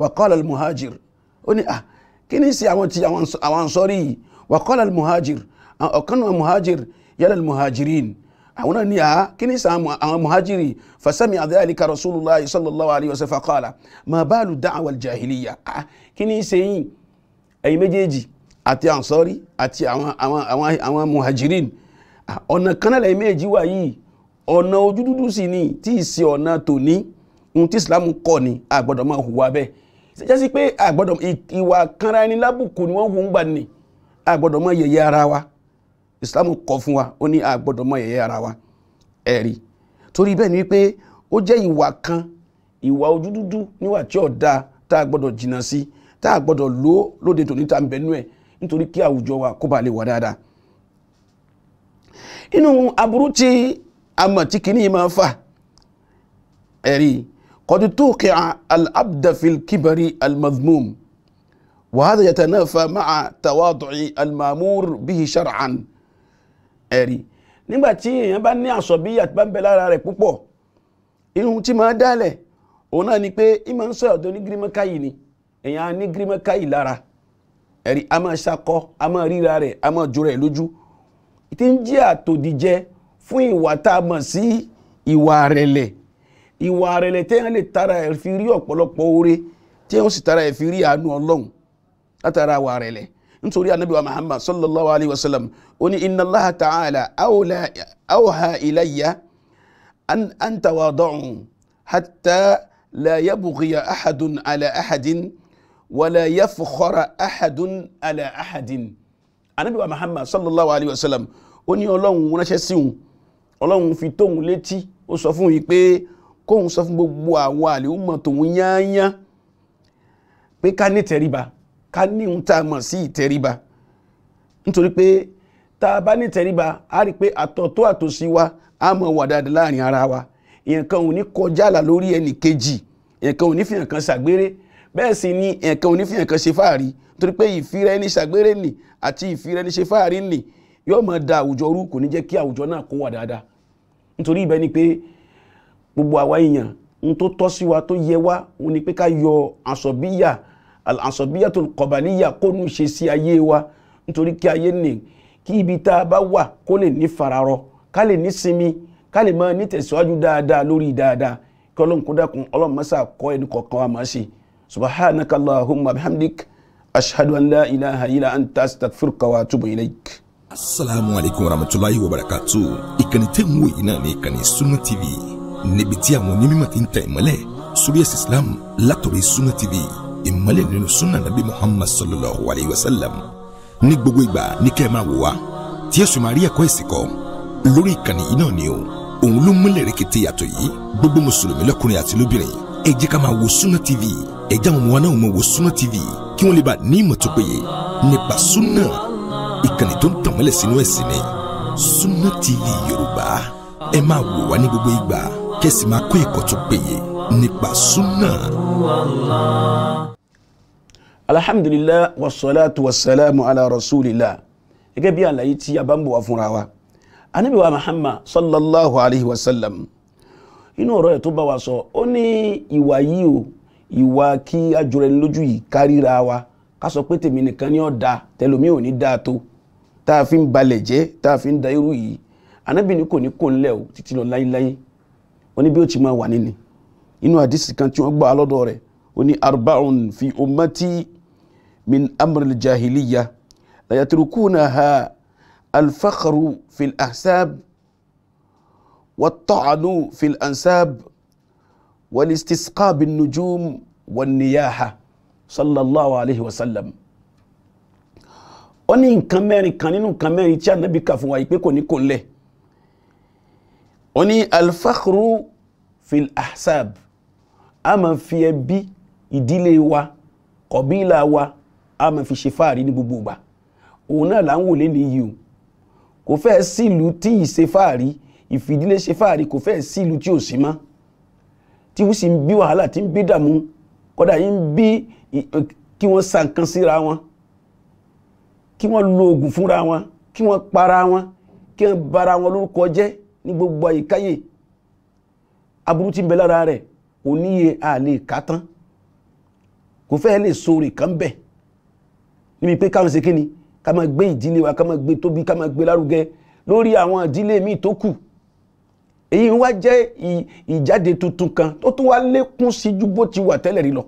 wa qala muhajir ó ní ah kí ní sí àwọn ti àwọn ansọ́rí yìí wa qala muhajir ọ̀kan nínú muhajir yala muhajirin àwọn náà ní àá kí ní sàn àwọn muhajiri fasami adhalika rasulullah sallallahu alayhi wa sallam faqala ma balu jahiliya kí ní sẹ́yìn ẹ̀yin méjèèjì àti ansọ́rí àti àwọn àwọn àwọn àwọn muhajirin ọ̀nà kanálẹ̀ méjì wà yìí ọ̀nà ojú dúdú sì ni tí ì sí ọ̀nà tòní ohun tí islam kọ́ ni àgbọ́dọ̀ máa hùwà bẹ́ẹ̀ ṣe sí pé àgbọ́dọ̀ ìwà kanra ẹni lábùkù ni wọ́n hù ń gbà ní àgbọ́dọ̀ máa yẹ̀yẹ́ ara wa islam kọ́ fún wa ó ní àgbọ́dọ̀ máa yẹ̀yẹ́ ara wa ẹ̀rí torí bẹ́ẹ̀ ni wípé ó jẹ́ ìwà kan ìwà ojú níwà tí ó tá a jìnnà sí tá a lóde tòní tá ń bẹnu ẹ̀ nítorí kí àwùjọ wa kó bá lè wà dáadáa inú aburú tí a mọ̀ tí kìíní máa ń fà ẹ̀rí kọjú tó kí al-abdafil kibari al-mazmum وهذا يتنافى مع تواضع المامور به شرعا ẹ̀rí nígbàtí èèyàn bá ní àsọ̀bíyà tí bá ń lára rẹ̀ púpọ̀ inú tí máa dálẹ̀ òun náà ni pé ìmọ̀ ń sọ̀rọ̀ tó ní gírímọ́káyì ni èèyàn ní gírímọ́káyì lára ẹ̀rí a ṣakọ a máa ríra rẹ̀ a máa jura ẹ̀ lójú tí ń jẹ́ fún ìwà tá mọ̀ sí ìwà rẹ̀lẹ̀ ìwà rẹ̀lẹ̀ te lè tara ẹ̀ fi rí ọ̀pọ̀lọpọ̀ te o sì tara ẹ̀ fi rí anu olohun atara wa rẹ̀lẹ̀ nítorí anabi wa muhammad sallallahu alaihi wasallam oni inna allah ta'ala awha ilayya an antawadu hatta la yabghiya ahadun ala ahadin. wala yafkhara ahadun ala ahadin anabiwa muhammad sallallahu alayhi wa sallam ó ní ọlọ́run ránṣẹ́ sí òun ọlọ́run fi tóun létí ó sọ fún yìí pé kóun sọ fún gbogbo àwọn àlèhùnmọ̀ tòun yányá pé ká ní tẹríba ká ní ohun tá a mọ̀ sí ìtẹríba nítorí pé tá a bá ní tẹríba a rí pé àtọ̀tọ̀ àtòsí wa a mọ̀ wà dáadáa láàrin ara wa ìyẹn kan ò ní kọjá àlà lórí ẹnì kejì ìyẹn kan ò ní fi hàn kan ṣàgbére bẹ́ẹ̀ sì ni ẹ̀kan onífihàn kan ṣe fáàrí torí pé ìfira ẹni ṣàgbére nì àti ìfira ẹni ṣe fáàrí nì yóò máa da àwùjọ rú kò ní jẹ́ kí àwùjọ náà kó wà dáadáa nítorí ibẹ̀ ni pé gbogbo àwa èèyàn n tó tọ́ sí wa tó yẹ wá òun ni pé ká yọ àsọ̀bíyà àsọ̀bíyà tó kọ̀bàníyà kó nu ṣe sí ayé wa nítorí kí ayé nì kí ibi tá a bá wà kó lè ní fararọ ká lè ní sinmi ká lè máa ní tẹ̀síwájú dáadáa lórí dáadáa kí ọlọ́run kó dákun ọlọ́run mọ́sà kọ́ ẹni kọ̀ọ̀kan wa ṣe سبحانك allahumma bihamdik أشهد أن لا إله إلا أنت أستغفرك wa إليك ilaik. asalaamu aleykum wa rahmatulahi wa barakatu ìkànnì tẹ́ ń wò yìí náà ní ìkànnì Sunna TV níbi tí àwọn onímọ̀ ti ń tẹ̀ ìmọ́lẹ̀ sórí ẹ̀sìn Islam látọ̀rọ̀ Sunna TV ìmọ́lẹ̀ nínú sunna nabi Muhammad sallallahu alayhi wa sallam ní gbogbo ìgbà ní kẹ́ ẹ máa wò wá tí ẹ̀sùn máa rí ẹ̀kọ́ ẹ̀sìn kọ́ lórí ìkànnì yìí náà ni o ẹ jẹ́ ká máa wo Sunna TV ẹ jẹ́ àwọn ọmọ náà máa wo Sunna TV kí wọ́n lè bá ní ìmọ̀ tó péye nípa Sunna ìkànnì tó ń tànmọ́lẹ̀ sínú ẹ̀sìn ni Sunna TV Yorùbá ẹ máa wò wá ní gbogbo ìgbà kẹ́sì máa kọ́ ẹ̀kọ́ tó péye nípa Sunna. alhamdulillah wasalaatu wasalaamu ala rasulillah gẹ́gẹ́ bí àlàyé tí a bá ń bọ̀ wá fúnra wa anabi muhammad sallallahu alayhi wa sallam inú ọ̀rọ̀ ẹ̀ tó bá wa sọ ó ní ìwà yìí o ìwà kí ajọra ẹni lójú yìí káríra wa ká sọ pé tèmi nìkan ni ó da tẹlomi ò ní dáa tó tá a fi ń balẹ̀ jẹ́ tá a fi ń da irú yìí anábì ní kò ní kò ńlẹ̀ o títí lọ láyéláyé ó ní bí ó ti máa wà nínú inú àdìsí kan tí wọ́n gbà lọ́dọ̀ rẹ̀ ó ní arba'un fi ummati min amril jahiliya la ha alfakaru fil ahsab والطعن في الأنساب والاستسقاء بالنجوم والنياحة صلى الله عليه وسلم ó ní nǹkan mẹ́rin kan nínú nǹkan mẹ́rin tí ànábì kà fún wa ìpé kò ní kò lẹ̀ ó ní alfakhru fil ahsab a máa fi ẹbí ìdílé wa kọ̀bílà wa a máa fi ṣe fáàrí ní gbogbo ìgbà òun náà là ń wò lé nìyí o kò fẹ́ sílùú tí ì ṣe fáàrí ìfìdílé ṣe fáàrí kò fẹ́ sí ìlú tí ò sí mọ́ tí wọ́n sì ń bí wàhálà tí ń bí dààmú kódà yìí ń bí kí wọ́n sa nǹkan síra wọn kí wọ́n lo oògùn fúnra wọn kí wọ́n para wọn kí wọ́n bara wọn lórúkọ jẹ́ ní gbogbo àyíkáyè aburú tí ń bẹ lára rẹ̀ oníye àlè kátán kò fẹ́ lè sóore kan bẹ̀ níbi pé káwọn ṣe kíni ká máa gbé ìdílé wa ká máa gbé tóbi ká máa gbé lárugẹ lórí àwọn ìdílé míì tó kù èyí wá jẹ́ ìjáde tuntun kan tó tún wá lékún sí ju bó ti wà tẹ́lẹ̀ rí lọ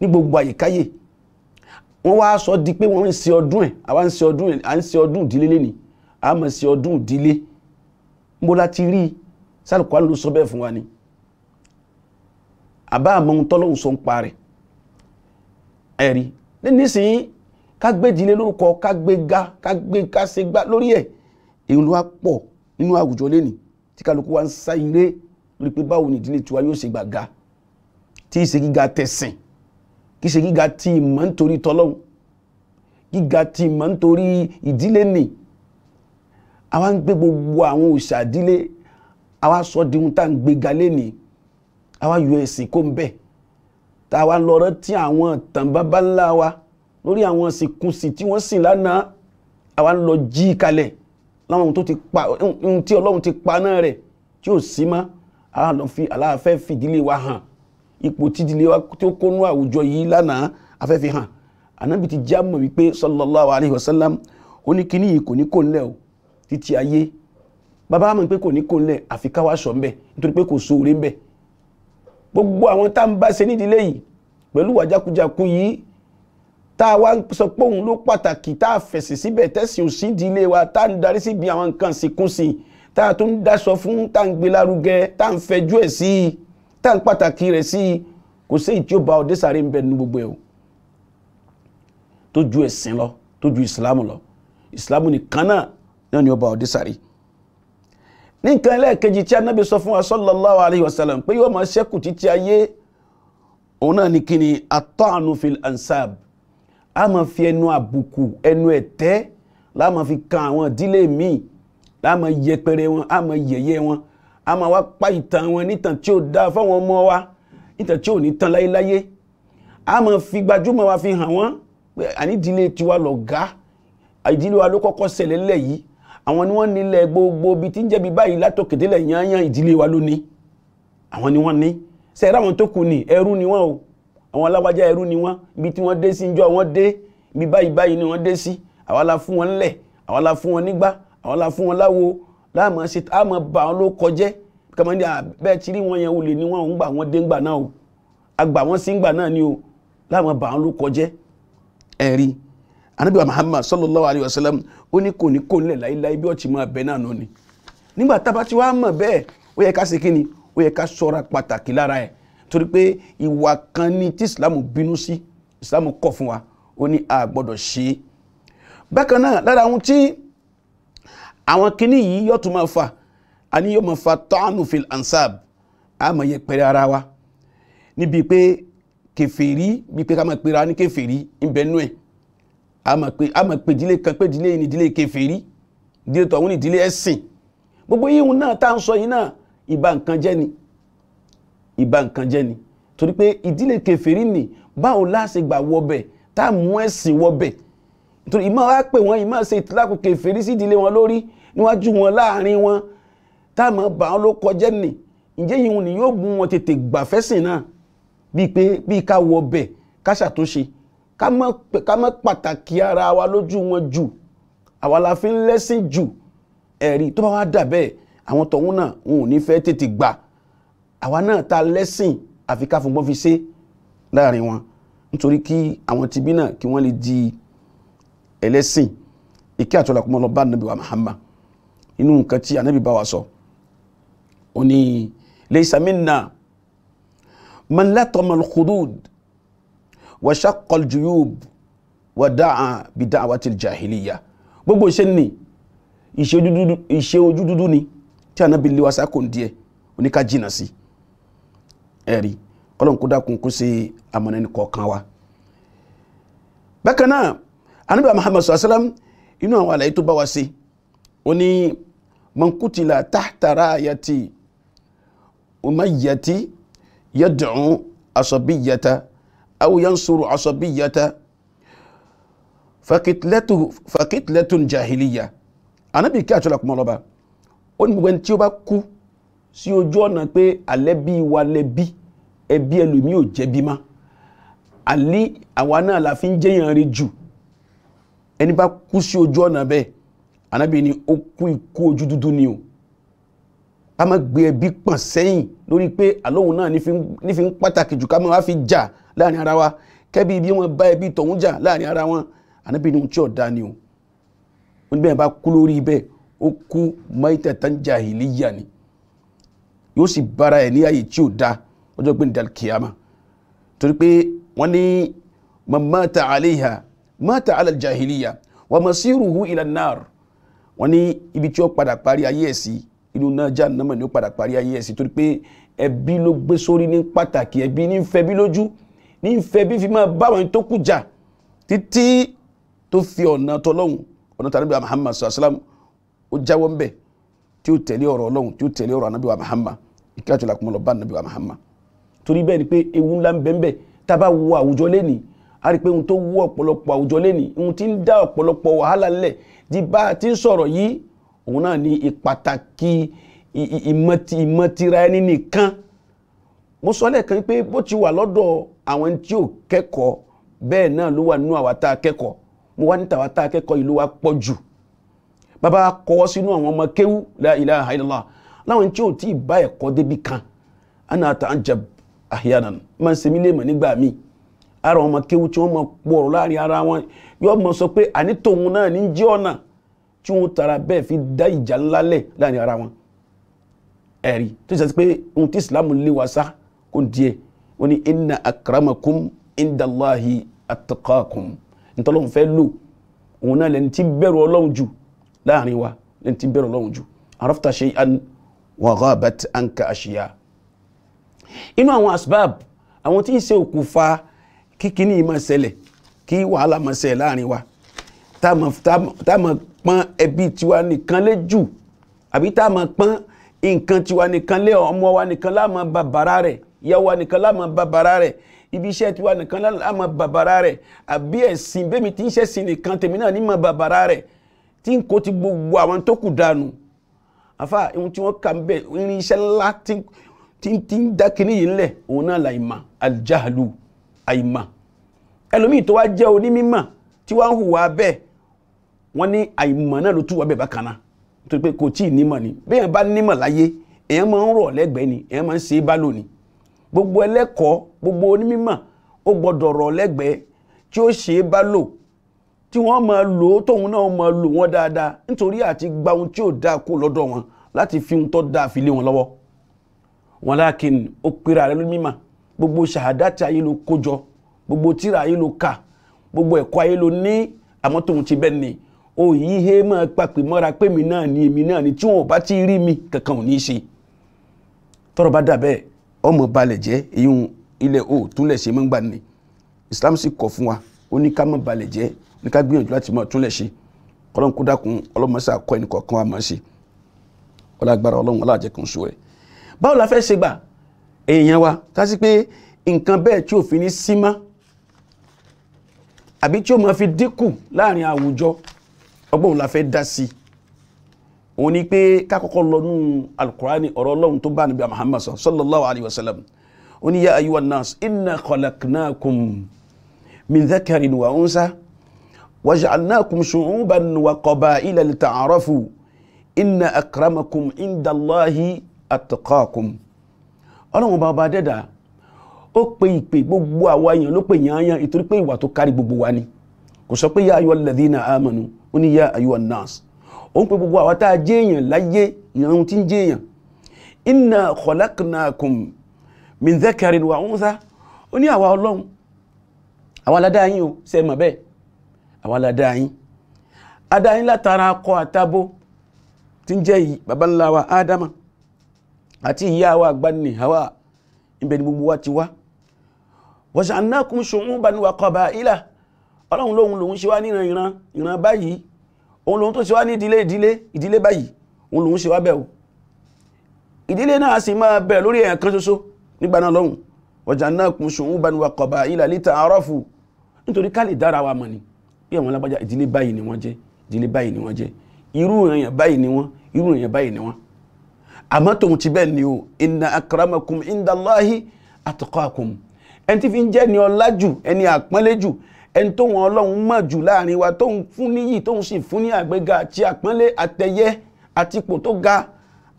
ní gbogbo àyíkáyè wọ́n wá sọ di pé wọ́n ń ṣe ọdún ẹ̀ àwa ń ṣe ọdún ẹ̀ à ń ṣe ọdún ìdílé lẹ́ni à á mọ̀ ṣe ọdún ìdílé mo láti rí sálùkọ́ àlọ́ sọ bẹ́ẹ̀ fún wa ni àbá àmọ́ ohun tọ́lọ́hún sọ ń pa rẹ̀ ẹ̀rí nísìnyí ká gbé ìdílé lórúkọ ká gbé ga ká gbé ká ṣe gbá lórí ẹ̀ èyí ló wá pọ̀ nínú àwùjọ lẹ́nìí tí kálukú wa ń sá eré lórí pé báwo ni ìdílé tiwa yóò ṣe gbàga tí í ṣe gíga tẹ̀sìn kì í ṣe gíga tí ìmọ̀ nítorí tọlọ́hun gíga tí ìmọ̀ nítorí ìdílé nì àwa ń gbé gbogbo àwọn òòṣà ìdílé àwa sọ di ohun tá à ń gbé ga lẹ́nì àwa yọ ẹ̀sìn kó ń bẹ̀ tá lọ rántí àwọn ìtàn bàbá ńlá wa lórí àwọn sìnkúnsìn tí wọ́n sìn lánàá àwa ń lọ jí kalẹ̀ láwọn ohun tó ti pa ohun tí ọlọ́run ti pa náà rẹ̀ tí ò sí mọ́ aláàfẹ́ fìdílé wa hàn ipò tídílé wa tí ó kónú àwùjọ yìí lánàá afẹ́ hàn ànábì ti já mọ̀ wípé sallallahu alayhi wa sallam ó ní kíní yìí kò ní kò ńlẹ̀ o títí ayé bàbá àmọ̀ pé kò ní kò ńlẹ̀ àfi káwá sọ̀ ńbẹ̀ nítorí pé kò sóore ńbẹ̀ gbogbo àwọn tá ń bá ṣe nídìílé yìí pẹ̀lú wàjákujáku yìí tá a wá sọ pé òun ló pàtàkì tá a fẹ̀sì síbẹ̀ tẹ́sí òsì ìdílé wa tá a ń darí síbi àwọn nǹkan sìnkún sí i tá a tó ń dáṣọ fún tá a ń gbé lárugẹ tá a ń fẹjú ẹ̀ sí i tá a ń pàtàkì rẹ̀ sí i kò sí èyí tí ó ba ọdẹ sáré ń bẹ nínú gbogbo ẹ o tó ju ẹ̀sìn lọ tó ju ìsìlámù lọ ìsìlámù nìkan náà náà ni ó ba ọdẹ sáré ní nǹkan ẹlẹ́ẹ̀kejì tí anábì sọ fún wa sallallahu wa sallam pé yóò máa ṣẹ́kù títí ayé òun náà ni kíni at fil ansab a máa fi ẹnu àbùkù ẹnu ẹ̀tẹ́ la máa fi kan àwọn ìdílé míì la máa yẹpẹrẹ wọn a máa yẹ̀yẹ́ wọn a máa wá pa ìtàn wọn nítàn tí ó dáa fáwọn ọmọ wa nítàn tí ò ní tán láyéláyé a máa fi gbajúmọ̀ wa fi hàn wọ́n pé ànídìílé tiwa lọ̀gá ìdílé wa ló kọ́kọ́ ṣẹlẹ̀ lẹ̀ yìí àwọn ni wọ́n nílẹ̀ gbogbo ibi tí ń jẹ́bi báyìí látòkèdélẹ̀ yányán ìdílé wa ló àwọn ni wọ́n ní sẹ́ẹ̀rẹ́ àwọn tó kù ní ẹrú ni wọ́n o àwọn alágbájá ẹrú ni wọ́n ibi tí wọ́n dé sí njọ́ wọ́n dé ibi báyìí báyìí ni wọ́n dé sí àwa la fún wọn ńlẹ̀ àwa la fún wọn nígbà àwa la fún wọn láwo láàmú ṣe àmọ́ bá wọn ló kọjẹ́ kàmáńdé àbẹ́ tí rí wọn yẹn olè ni wọ́n ń gbà wọ́n dé ńgbà náà o àgbà wọ́n sí ńgbà náà ni o láàmú bá wọn ló kọjẹ́ ẹ̀rí anábìwá Muhammad sallallahu alayhi wa sallam ó ní kò ní kò ńlẹ̀ láíláí bí ọ̀tí máa bẹ náà nọ ni nígbà tábà tí wàá torí pé ìwà kan ni tí islam bínú sí islam kọ̀ fún wa ó ní a gbọ́dọ̀ ṣe é bákan náà lára ohun tí àwọn kinní yìí yóò tún máa fà á ní yóò máa fa tọ́ánù fil ansab a máa yẹpẹrẹ ara wa níbi pé kèfèrí bíi pé ká máa pera ní kèfèrí ìbẹ̀nú ẹ̀ a máa pè ìdílé kan pé ìdílé yìí ni ìdílé kèfèrí ìdílé tọ̀hún ni ìdílé ẹ̀sìn gbogbo yíhun náà tá à ń sọ yìí náà ìbá nǹkan jẹ́ ni ìbá nǹkan jẹ́ ni torí pé ìdílé kèfèrí ni báwo láṣẹ gbà wọbẹ̀ tá a mú ẹ̀sìn wọbẹ̀ torí ìmọ̀ wá pè wọ́n ìmọ̀ ṣe ìtìlákù kèfèrí sí ìdílé wọn lórí níwájú wọn láàrin wọn tá a mọ̀ bá wọn ló kọjẹ́ ni ǹjẹ́ ìhun ni yóò mú wọn tètè gbàfẹ́sìn náà bíi pé bíi ká wọbẹ̀ ká ṣàtúnṣe ká má pàtàkì ara wa lójú wọn jù àwa la fi ń lẹ́sìn jù ẹ̀rí tó bá wá dà bẹ́ẹ̀ àwọn tọ̀hún náà wọn ò ní fẹ́ tètè gbà àwa náà ta lẹ́sìn àfi ká fọgbọ́n fi ṣe láàrin wọn nítorí kí àwọn tibí náà kí wọ́n lè di ẹlẹ́sìn ìkí àtọ́lá kúmọ́ lọ bá nàbí wa Muhammad inú nǹkan tí ànábì bá wa sọ ó ní laysa minna man latama al-khudud juyub wa da'a bi da'wati al-jahiliya gbogbo iṣẹ́ ni ìṣe ojú dúdú ni tí ànábì lé wa sákò díẹ̀ oníká jìnnà sí i ẹ̀rí ọlọ́run kó dákun kó ṣe amọ̀nà ẹni kọ̀ọ̀kan wa. bákan náà ànábì muhammad sallallahu alayhi wa sallam inú àwọn àlàyé tó bá wa ṣe ó ní man kutila tahta rayati umayyati yad'u asabiyata aw yansuru asabiyata fakitletun jahiliya ànábì kí àtúnlá ní gbogbo ẹni tí ó bá kú sí ojú ọ̀nà pé àlẹ́bí wa lẹ́bí ẹbí ẹlòmí ò jẹ́bí má àlí àwa náà la fi ń jẹ́yàn rí jù ẹni bá kú sí ojú ọ̀nà bẹ́ẹ̀ anábì ni ó kú ikú ojú dúdú ni o ká má gbé ẹbí pọ̀n sẹ́yìn lórí pé àlóhun náà nífi ń pàtàkì jù ká má wá fi jà láàrin ara wa kẹ́bí bí wọ́n bá ẹbí tọ̀hún jà láàrin ara wọn anábì ni ohun tí ọ̀dá ni o oníbẹ̀yẹn bá kú lórí bẹ́ẹ̀ ó kú mọ́ ìtẹ̀tàn jàhìlíyà ni yóò sì bára ẹ̀ ní ààyè tí ò da ọjọ́ pé ní dalkiyama torí pé wọ́n ní mamata aleha mata ala jahiliya wa masiruhu ila nar wọ́n ní ibi tí ó padà parí ayé ẹ̀ sí inú náà jahannama ni ó padà parí ayé ẹ̀ sí torí pé ẹbí ló gbé sórí ní pàtàkì ẹbí ní fẹbí lójú ní fẹbí fi máa báwọn tó kù jà títí tó fi ọ̀nà tọlọ́hun ọ̀nà tàbí Muhammad sallallahu alaihi wasallam ó jáwọ́ ń bẹ̀ tí ó tẹ̀lé ọ̀rọ̀ ọlọ́run tí ó tẹ̀lé ọ̀rọ̀ anábíwá Muhammad ìkíra ti làkúmọ̀ lọ bá nàbí wa Muhammad torí bẹ́ẹ̀ ni pé ewu ńlá ń bẹ́ẹ̀ bẹ́ẹ̀ tá a bá wo àwùjọ lẹ́nìí a rí i pé ohun tó wú ọ̀pọ̀lọpọ̀ àwùjọ lẹ́nìí ohun tí ń dá ọ̀pọ̀lọpọ̀ wàhálà ńlẹ̀ di bá a ti ń sọ̀rọ̀ yìí òun náà ni ìpàtàkì ìmọ̀tira ẹni nìkan mo sọ lẹ́ẹ̀kan pé bó ti wà lọ́dọ̀ àwọn tí ò kẹ́kọ̀ọ́ bẹ́ẹ̀ náà ló wà nínú àwa tá a kẹ́kọ̀ọ́ mo wá ní tàwa tá a kẹ́kọ̀ọ́ yìí ló wá pọ̀ jù bàbá kọ́wọ́ sínú àwọn ọmọ kéwú la ilaha illallah láwọn tí ò tí ì bá ẹ̀kọ́ débi kan ana ta'ajab ahyanan máa ń ṣe mí lè mọ̀ nígbà míì ara wọn máa kéwu tí wọ́n máa pọ̀rọ̀ láàrin ara wọn yóò máa sọ pé àní tòun náà ní jẹ́ ọ̀nà tí wọ́n tara bẹ́ẹ̀ fi dá ìjà ńlá lẹ̀ láàrin ara wọn ẹ̀rí tó ṣe pé ohun tí Islam lé wa sá kò díẹ̀ wọ́n ní inna akramakum indallahi attaqakum ntọ́lọ́hún fẹ́ lò òun náà lẹ́ni tí bẹ̀rù Ọlọ́run jù láàrin wa lẹ́ni tí bẹ̀rù Ọlọ́run jù arafta shay'an wa ghabat anka àṣìyà inú àwọn asbab àwọn tí ń ṣe òkùnfà kíkiní máa ṣẹlẹ̀ kí wàhálà máa ṣẹlẹ̀ láàrin wa tá máa pọ́n ẹbí tiwa nìkan lé jù àbí tá máa pọ́n nǹkan tiwa nìkan lé ọmọ wa nìkan la máa bàbàrà rẹ̀ ìyàwó wa nìkan la máa bàbàrà rẹ̀ ibi iṣẹ́ tiwa nìkan la máa bàbàrà rẹ̀ àbí ẹ̀sìn bẹ́mi tí ń ṣẹ̀sìn nìkan tèmi náà ní máa bàbàrà rẹ̀ tí n kò ti gbogbo àwọn tó kù dànù àfà ohun tí wọ́n kà ń bẹ̀ irin iṣẹ́ ńlá tí ń dá kinní yìí ńlẹ̀ òun náà là ìmà aljahalu àìmà ẹlòmíì tó wá jẹ́ onímímọ̀ tí wọ́n ń hùwà bẹ́ẹ̀ wọ́n ní àìmọ̀ náà ló túwọ́ bẹ́ẹ̀ bákan náà nítorí pé kò tí ì nímọ̀ ni bí èèyàn bá nímọ̀ láyé èèyàn máa ń rọ̀ lẹ́gbẹ̀ẹ́ ni èèyàn máa ń ṣe é bá lónìí gbogbo ẹlẹ́kọ̀ọ́ gbogbo onímímọ̀ ó gbọ́dọ̀ rọ̀ lẹ́gbẹ̀ẹ́ tí ó ṣe é bá lò tí wọ́n máa lò ó tóun náà máa lò wọ́n dáadáa nítorí àti gba ohun tí ò dáa kó lọ́dọ̀ wọn láti fi ohun tó dáa fi lé wọn lọ́wọ́ walakin ó pera rẹ mímà gbogbo ṣàhádà tí ayé ló kó gbogbo tíra ayé ló kà gbogbo ẹ̀kọ́ ayé ló ní àmọ́ tóun ti bẹ́ẹ̀ ni òyìn ihe máa papè mọ́ra pé mi náà ni èmi náà ni tí wọn ò bá ti rí mi kankan ò ní í ṣe tọrọ bá dàbẹ ọmọ balẹ̀ jẹ́ èyí ilẹ̀ o ṣe mọ́ gbà ni Islam sì kọ̀ fún wa ó balẹ̀ jẹ́ ní ká gbìyànjú láti máa túnlẹ̀ ṣe ọlọ́run kó dákun ọlọ́run mọ́sá kọ́ ẹnì kọ̀ọ̀kan wa máa ṣe ọlágbára ọlọ́run ọlájẹ́ kan ṣo rẹ̀ báwo la fẹ́ ṣe gbà èèyàn wa ká sí pé nǹkan bẹ́ẹ̀ tí ò fi ní sí mọ́ àbí tí ó máa fi dínkù láàrin àwùjọ ọgbọ́n la fẹ́ dá sí òun ni pé ká kọ́kọ́ lọ́nú alukurani ọ̀rọ̀ ọlọ́run tó bá níbi Muhammad sallallahu alayhi wa sallam ó ní yá ayuwa nas inna khalaqnakum min dhakarin wa waja'alnakum shu'uban وقبائل لتعرفوا lita'arafu inna عند الله Allahi atqakum ọlọ́run bàbá dẹ́dà ó pe ìpè gbogbo àwa èèyàn ló pè yányán ìtorí pé ìwà tó kárí gbogbo wa ni kò sọ pé ya ayọ̀ alladhina amanu ó ní ya ayọ̀ nas ó ń pe gbogbo àwa tá a jẹ́ èèyàn láyé ìran tí ń jẹ́ èèyàn inna khalaqnakum min dhakarin wa untha ó ní àwa ọlọ́run àwa ládàá o sẹ́ẹ̀ bẹ́ẹ̀ àwọn aládáyín adáyín látara akọ àtabo tí ń jẹ́ yìí baba ńlá wa ádámà àti ìyá wa àgbàni hawa ibẹ̀ ni gbogbo wa ti wá wa ja'alnakum shu'uban wa qaba'ila ọlọ́run lóhun lòun ṣe wá ní ìran ìran ìran báyìí òun lòun tó ṣe wá ní ìdílé ìdílé ìdílé báyìí òun lòun ṣe wá bẹ̀ o ìdílé náà sì máa bẹ̀rẹ̀ lórí ẹ̀yàn kan ṣoṣo nígbà náà lọ́hùn wa ja'alnakum shu'uban wa qaba'ila lita'arafu nítorí ká lè dára wa mọ̀ ni bí àwọn alágbájá ìdílé báyìí ni wọ́n jẹ́ ìdílé báyìí ni wọ́n jẹ́ irú èèyàn báyìí ni wọ́n irú èèyàn báyìí ni wọ́n àmọ́ tòun ti bẹ́ẹ̀ ni o inna akramakum indallahi atqakum ẹni tí fi ń jẹ́ ni ọlá jù ẹni àpọ́nlé jù ẹni tóun ọlọ́run mọ̀ jù láàrin wa tóun fún níyì tóun sì fún ní àgbéga àti àpọ́nlé àtẹ̀yẹ àti ipò tó ga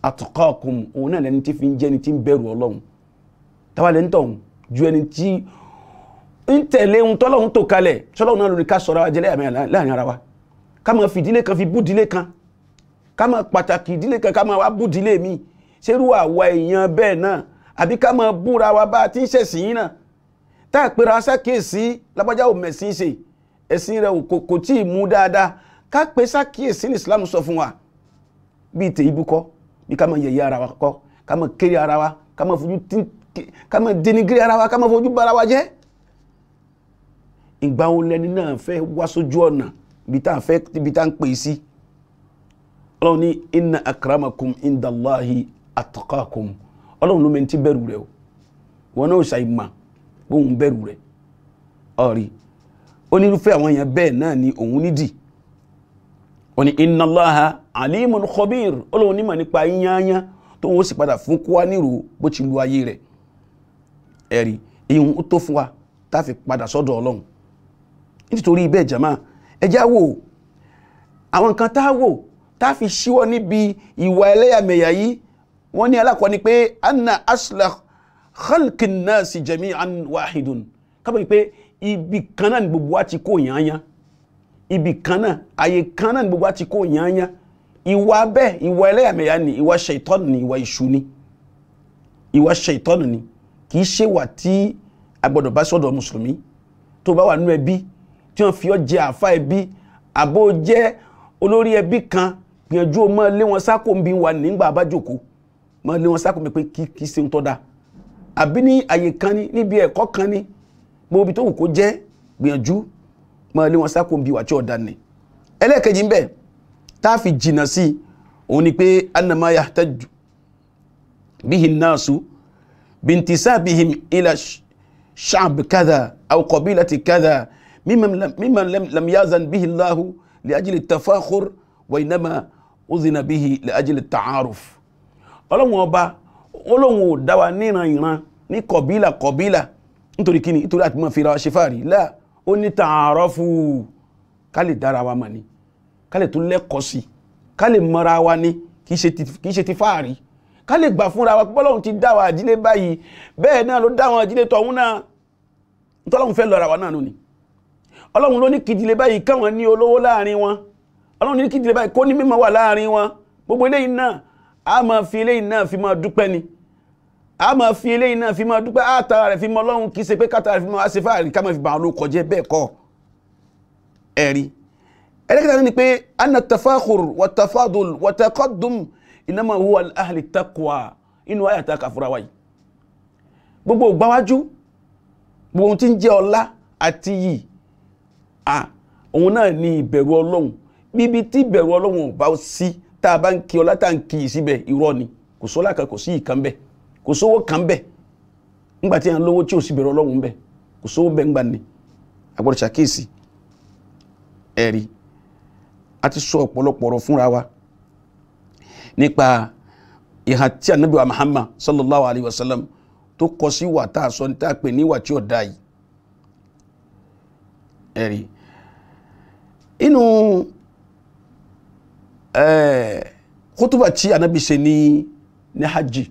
atqakum òun náà lẹni tí fi ń jẹ́ ni tí ń bẹ̀rù ọlọ́run táwa lẹ́ni ju ẹni tí ń tẹ̀lé ohun tọ́lọ́hun tó kalẹ̀ sọ́lọ́hun náà lórí ká sọ̀rọ̀ ajẹ́lẹ̀ àmì láàrin ara wa ká máa fìdílé kan fi búdílé kan ká máa pàtàkì ìdílé kan ká máa wá búdílé mi ṣerú àwa èèyàn bẹ́ẹ̀ náà àbí ká máa búra wa bá a ti ń ṣẹ̀sìn yín náà tá a pera ṣàkíyèsí lágbájá ò mẹ̀sìn ṣe ẹ̀sìn rẹ̀ kò tí ì mú dáadáa ká pe ṣàkíyèsí ní Islam sọ fún wa bí ìtẹ̀ ibùkọ́ bí ká máa yẹ̀yẹ́ ara wa kọ́ ká máa kéré ara wa ká máa fojú ká máa denigré ara wa ká máa fojú bara wa jẹ́ ìgbà wo lẹni náà fẹ́ wá sójú ọ̀nà ibi tá à fẹ́ ibi tá à ń pè sí ọlọ́run ní inna akramakum indallahi atqakum ọlọ́run ló mẹ́ni tí bẹ̀rù rẹ̀ o wọn náà ṣàì mà bóun bẹ̀rù rẹ̀ ọ̀rí onírúfẹ́ àwọn èèyàn bẹ́ẹ̀ náà ni òun nídìí wọ́n ní inna Allaha alimun khabir ọlọ́run nímọ̀ nípa yányá tó wọ́n sì padà fún kúwa nírò bó ti lu ayé rẹ̀ ẹ̀rí èyí tó fún wa tá padà sọ́dọ̀ ọlọ́run nítorí bẹ́ẹ̀ jama ẹjá wò àwọn nǹkan tá wò tá fi ṣíwọ́ níbi ìwà ẹlẹ́yàmẹ̀yà yìí wọ́n ní alákọ̀ọ́ ni pé anna asla khalqin nasi jami'an wahidun kábọ̀ pé ibi kan náà ni gbogbo wa ti kó yányá ibi kan náà àyè kan náà ni gbogbo wa ti kó yányá ìwà bẹ́ẹ̀ ìwà ẹlẹ́yàmẹ̀yà ni ìwà ṣètọ́nù ni ìwà ìṣù ni ìwà ṣètọ́nù ni kì í ṣe tí a bá sọ́dọ̀ mùsùlùmí tó bá wà nínú ẹbí tí wọ́n fi ọ́ jẹ àfa ẹbí àbó jẹ́ olórí ẹbí kan gbìyànjú o máa lé wọn sákò bí wa nígbà abájòkó máa lé wọn sákò pé kí kí ṣe ń tọ́ da àbí ní àyè kan ní níbi ẹ̀kọ́ kan ní gbogbo tó wù kó jẹ́ gbìyànjú máa lé wọn sákò bí wa tí ọ̀dà ni ẹlẹ́ẹ̀kejì ń bẹ tá a fi jìnnà sí i òun ni pé anamá yahtaju bihi nnasu bintisabihim ila sha'b kadha aw qabilati kadha. مما لم, لم, لم يأذن به الله لأجل التفاخر وإنما أذن به لأجل التعارف ọlọ́run ọba ọlọ́run ò dá wa níran ìran ní kọ̀bílà kọ̀bílà nítorí kíni nítorí àti máa fi ra wa ṣe fáàrí láà ó ní tààrọ́fù ká lè dára wa mà ní ká lè tún lẹ́kọ̀ọ́ sí ká lè mọra wa ní kì í ṣe ti fáàrí ká lè gbà fúnra wa pọ́lọ́run ti dá wa àjílé báyìí bẹ́ẹ̀ náà ló dá wọn àjílé tọ̀hún náà nítorí ọlọ́run fẹ́ lọ́ra wa náà nù ọlọ́run ló ní kìdílé báyìí káwọn ní olówó láàrin wọn ọlọ́run ní kìdílé báyìí kó ní mímọ̀ wà láàrin wọn gbogbo eléyìí náà a máa fi eléyìí náà fi máa dúpẹ́ ni a máa fi eléyìí náà fi máa dúpẹ́ àtàrà rẹ̀ fi mọ ọlọ́run kì í ṣe pé kátàrà rẹ̀ fi máa ṣe fáàrí ká máa fi bàwọn olóko jẹ́ bẹ́ẹ̀ kọ́ ẹ̀rí ẹlẹ́kẹta ni pé anna tafakhur wa tafadul inama huwa ahli taqwa inú ayàtà kàfúra wáyìí gbogbo ògbáwájú gbogbo ohun tí ń jẹ́ ọlá àti yìí òun náà ni ìbẹ̀rù ọlọ́run bíbi tí ìbẹ̀rù ọlọ́run bá sí tá a bá ń kí ọlá tá à ń kí síbẹ̀ irọ́ ni kò sọ́lá kan kò sí ìkan bẹ́ẹ̀ kò sówó kan bẹ́ẹ̀ ńgbà tí à ń lówó tí ò sí ìbẹ̀rù ọlọ́run bẹ́ẹ̀ kò sówó bẹ́ẹ̀ ńgbà ni agbọ́dọ̀ ṣàkíyèsí ẹ̀rí a ti sọ ọ̀pọ̀lọpọ̀ ọ̀rọ̀ fúnra wa nípa ìhà tí ànábì wa Muhammad sallallahu alayhi wa sallam tó kọ sí wà tá a sọ ní tá a pè ní ìwà tí ò dáa yìí ẹ̀rí inú kútùbà tí anábì ṣe ní ní hajji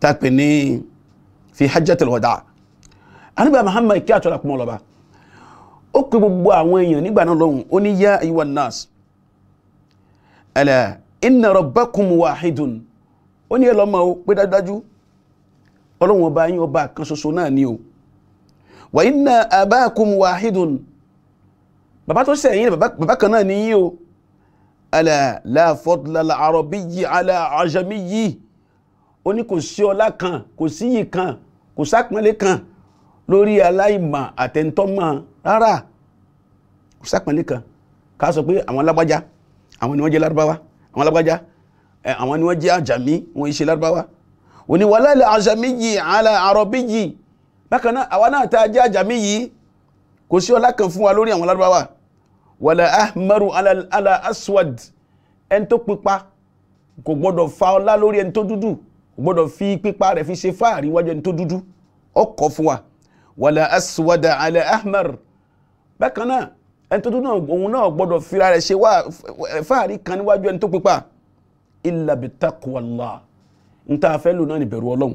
tàpẹ̀ ní fi hajjatul wada anábì Muhammad kí àtọ́lá kúmọ̀ lọ́ba ó pè gbogbo àwọn èèyàn nígbà náà lọ́hùn ó ní yá ayyuhan nas ala inna rabbakum wahidun ó ní ẹlọ́mọ pé dájú ọlọ́run ọba yín ọba kan ṣoṣo náà ni o wà inna abaakum wahidun bàbá tó ṣẹ̀ yín bàbá kan náà ni yín o ala la fadla al arabiyyi ala ajamiyyi ó ní kò sí ọlá kan kò síyì kan kò sápọ́nlé kan lórí aláìmọ̀ àtẹ̀ntọ́mọ̀ rárá kò sápọ́nlé kan ká sọ pé àwọn alágbájá àwọn ni wọ́n jẹ́ lárúbáwá àwọn alágbájá àwọn ni wọ́n jẹ́ àjàmí wọ́n iṣẹ́ lárúbáwá òní wàlá àjàmí yìí àlà àrọ̀bí yìí bákan náà àwa náà tá a jẹ́ àjàmí yìí kò sí ọlá kan fún wa lórí àwọn lárúbáwá wàlà ahmaru ala aswad ẹni tó pupa kò gbọ́dọ̀ fa ọlá lórí ẹni tó dúdú kò gbọ́dọ̀ fi pípa rẹ̀ fi ṣe fáàrí wájú ẹni tó dúdú ọkọ̀ fún wa wàlà aswada ala ahmar bákan náà ẹni tó dúdú òun náà gbọ́dọ̀ fira rẹ̀ ṣe fáàrí kan níwájú ẹni tó pupa illa bi taqwa Allah n ta fẹ́ lò náà ní bẹ̀rù ọlọ́run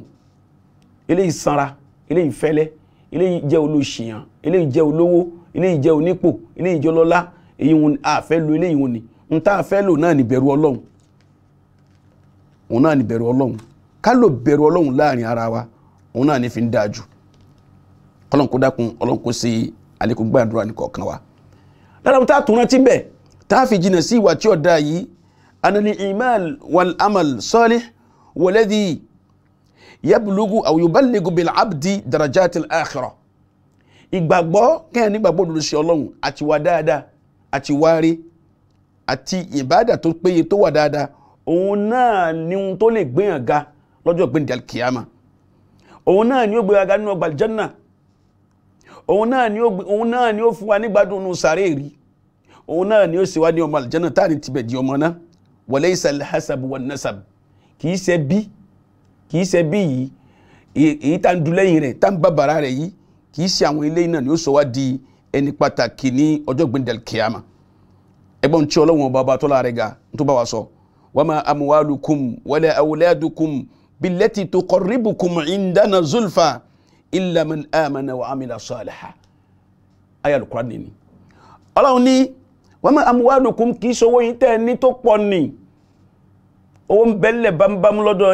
eléyìí sanra eléyìí fẹ́lẹ́ eléyìí jẹ́ olóṣìyàn eléyìí jẹ́ olówó eléyìí jẹ́ onípò eléyìí jẹ́ ọlọ́lá èyí wọn àfẹ́ lo eléyìí wọn ni n tá a fẹ́ lò náà ní bẹ̀rù ọlọ́run òun náà ní bẹ̀rù ọlọ́run ká lò bẹ̀rù ọlọ́run láàrin ara wa òun náà ní fi ń dáa jù ọlọ́run kó dákun ọlọ́run kó ṣe àlékún gbàdúrà ní kọ̀ọ̀kan wa lára wọn tá a tún rántí bẹ́ẹ̀ tá a fi jìnnà sí ìwà tí ọ̀dà yìí yablugu aw yuballigu bil abdi darajatil akhirah ìgbàgbọ́ kẹ́hìn nígbàgbọ́ òdodo sí ọlọ́run àti wà dáadáa àti wárí àti ìbáàdà tó péye tó wà dáadáa òun náà ni ohun tó lè gbéyàn ga lọ́jọ́ gbẹ̀ndẹ̀ kìámà òun náà ni ó gbé aga nínú ọgbà jẹ́nà òun náà ni ó fún wa nígbàdùn nù sàárè rí òun náà ni ó sì wá ní ọmọ àlìjẹ́nà táà ní tibẹ̀ di ọmọ náà walaysa al-hasab wan nasab kì í ṣe bí kì í ṣe bí yìí èyí tá ń du lẹ́yìn rẹ̀ tá ń bá bàrà rẹ̀ yìí kì í ṣe àwọn eléyìí náà ni ó sọ wá di ẹni pàtàkì ní ọjọ́ gbẹ̀ndẹ̀l kíyàmà ẹgbọ́n tí ọlọ́wọ́n ọba ọba tọ́lá rẹ̀ ga tó bá wa sọ wama amwalukum wala awladukum billati tuqarribukum indana zulfa illa man amana wa amila saliha aya al-Qur'an nìyí ọlọ́run ní wama amwalukum kì í ṣe owó yín tẹ́ ní tó pọ̀ ní owó ń bẹ́lẹ̀ bámbám lọ́dọ̀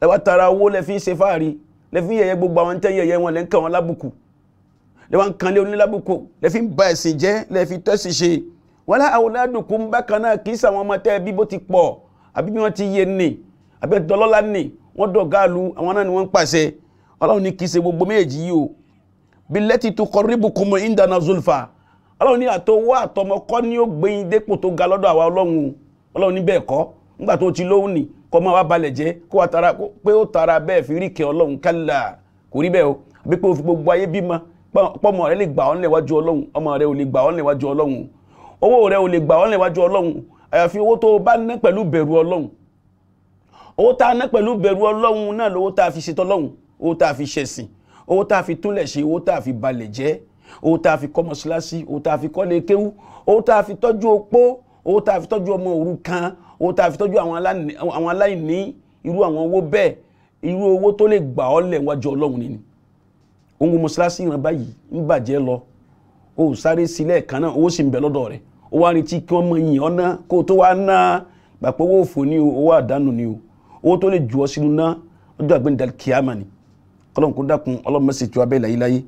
ẹ wá tara owó lẹ fi ń ṣe fáàrí lẹ fi ń yẹ̀yẹ́ gbogbo àwọn tẹ́ yẹ̀yẹ́ wọn lẹ ń kàn wọn lábùkù lẹ wá ń kan lé onílábùkù lẹ fi ń ba ẹ̀sìn jẹ́ lẹ fi tẹ́sì ṣe wala auladukum bákan náà kì í sàwọn ọmọ tẹ́ bí bó ti pọ̀ àbí bí wọ́n ti yé ni àbí dọlọ́lá ni wọ́n dọ̀gáàlú àwọn náà ni wọ́n ń pàṣẹ ọlọ́run ní kì í ṣe gbogbo méjèèjì yìí o billati tuqarribukum zulfa ọlọ́run ní àtọwọ́ àtọmọkọ́ ni ó gbẹ̀yìn dépò tó ga lọ́dọ̀ àwa ọlọ́run ọlọ́run ní bẹ́ẹ̀ kọ́ nígbà kọ́ máa wá balẹ̀ jẹ́ kó wá tara pé ó tara bẹ́ẹ̀ fi rí kẹ́ ọlọ́run kálá kò rí bẹ́ẹ̀ o àbí pé o fi gbogbo ayé bímọ pọ́mọ rẹ lè gbà ọ́ níwájú ọlọ́run ọmọ rẹ ò lè gbà ọ́ níwájú ọlọ́run owó rẹ ò lè gbà ọ́ níwájú ọlọ́run àyàfi owó tó o bá ná pẹ̀lú bẹ̀rù ọlọ́run owó tá a ná pẹ̀lú bẹ̀rù ọlọ́run náà lówó tá a fi ṣetọ́ ọlọ́run owó tá a fi ṣẹ̀sìn owó tá a fi túnlẹ̀ ṣe owó tá a fi balẹ̀ jẹ́ owó tá a fi kọ́ mọ́ṣáláṣí owó tá a fi kọ́lé kéwú owó tá a fi tọ́jú opó owó tá a fi tọ́jú ọmọ òrukàn ohun tá a fi tọ́jú àwọn aláìní irú àwọn owó bẹ́ẹ̀ irú owó tó lè gbà ọ́ lẹ̀ wájú ọlọ́run ni ohun mọ́ṣáláṣí ìran báyìí ń bàjẹ́ lọ o sáré sí lẹ́ẹ̀kan náà owó sì ń bẹ lọ́dọ̀ rẹ̀ ó wá retí kí wọ́n mọ ọ́ ná kó tó wá ná gbàpọ̀ owó òfò ni owó ni o owó tó lè jù ọ́ sínú ná ọjọ́ ni ọlọ́run tí wàá bẹ́ẹ̀ láyé láyé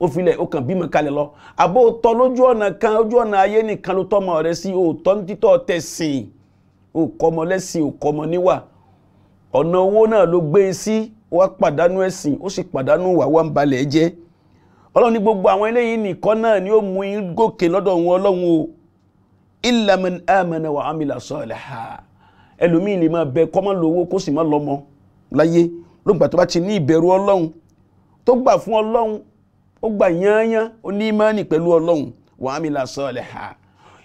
ó filẹ̀ ó kàn bímọ kalẹ̀ lọ àbó tọ́ lójú ọ̀nà kan ojú ọ̀nà ayé nìkan ló tọ́mọ rẹ sí òótọ́ títọ́ tẹ̀sìn òkọ́mọ lẹ́sìn òkọ́mọ níwà ọ̀nà owó náà ló gbé e sí wá pàdánù ẹ̀sìn ó sì pàdánù wà wá ń balẹ̀ jẹ́ ọlọ́run ní gbogbo àwọn eléyìí nìkan náà ni ó mú in gòkè lọ́dọ̀ wọn ọlọ́run o illa man amana wa amila saliha ẹlòmíì lè máa bẹ kọ́mọ lówó kó sì má lọ́mọ láyé lóògbà tó bá ti ní ìbẹ̀rù ọlọ́run tó gbà fún ọlọ́run ó gbà yányán ó ní ìmánì pẹ̀lú ọlọ́run wa amila saliha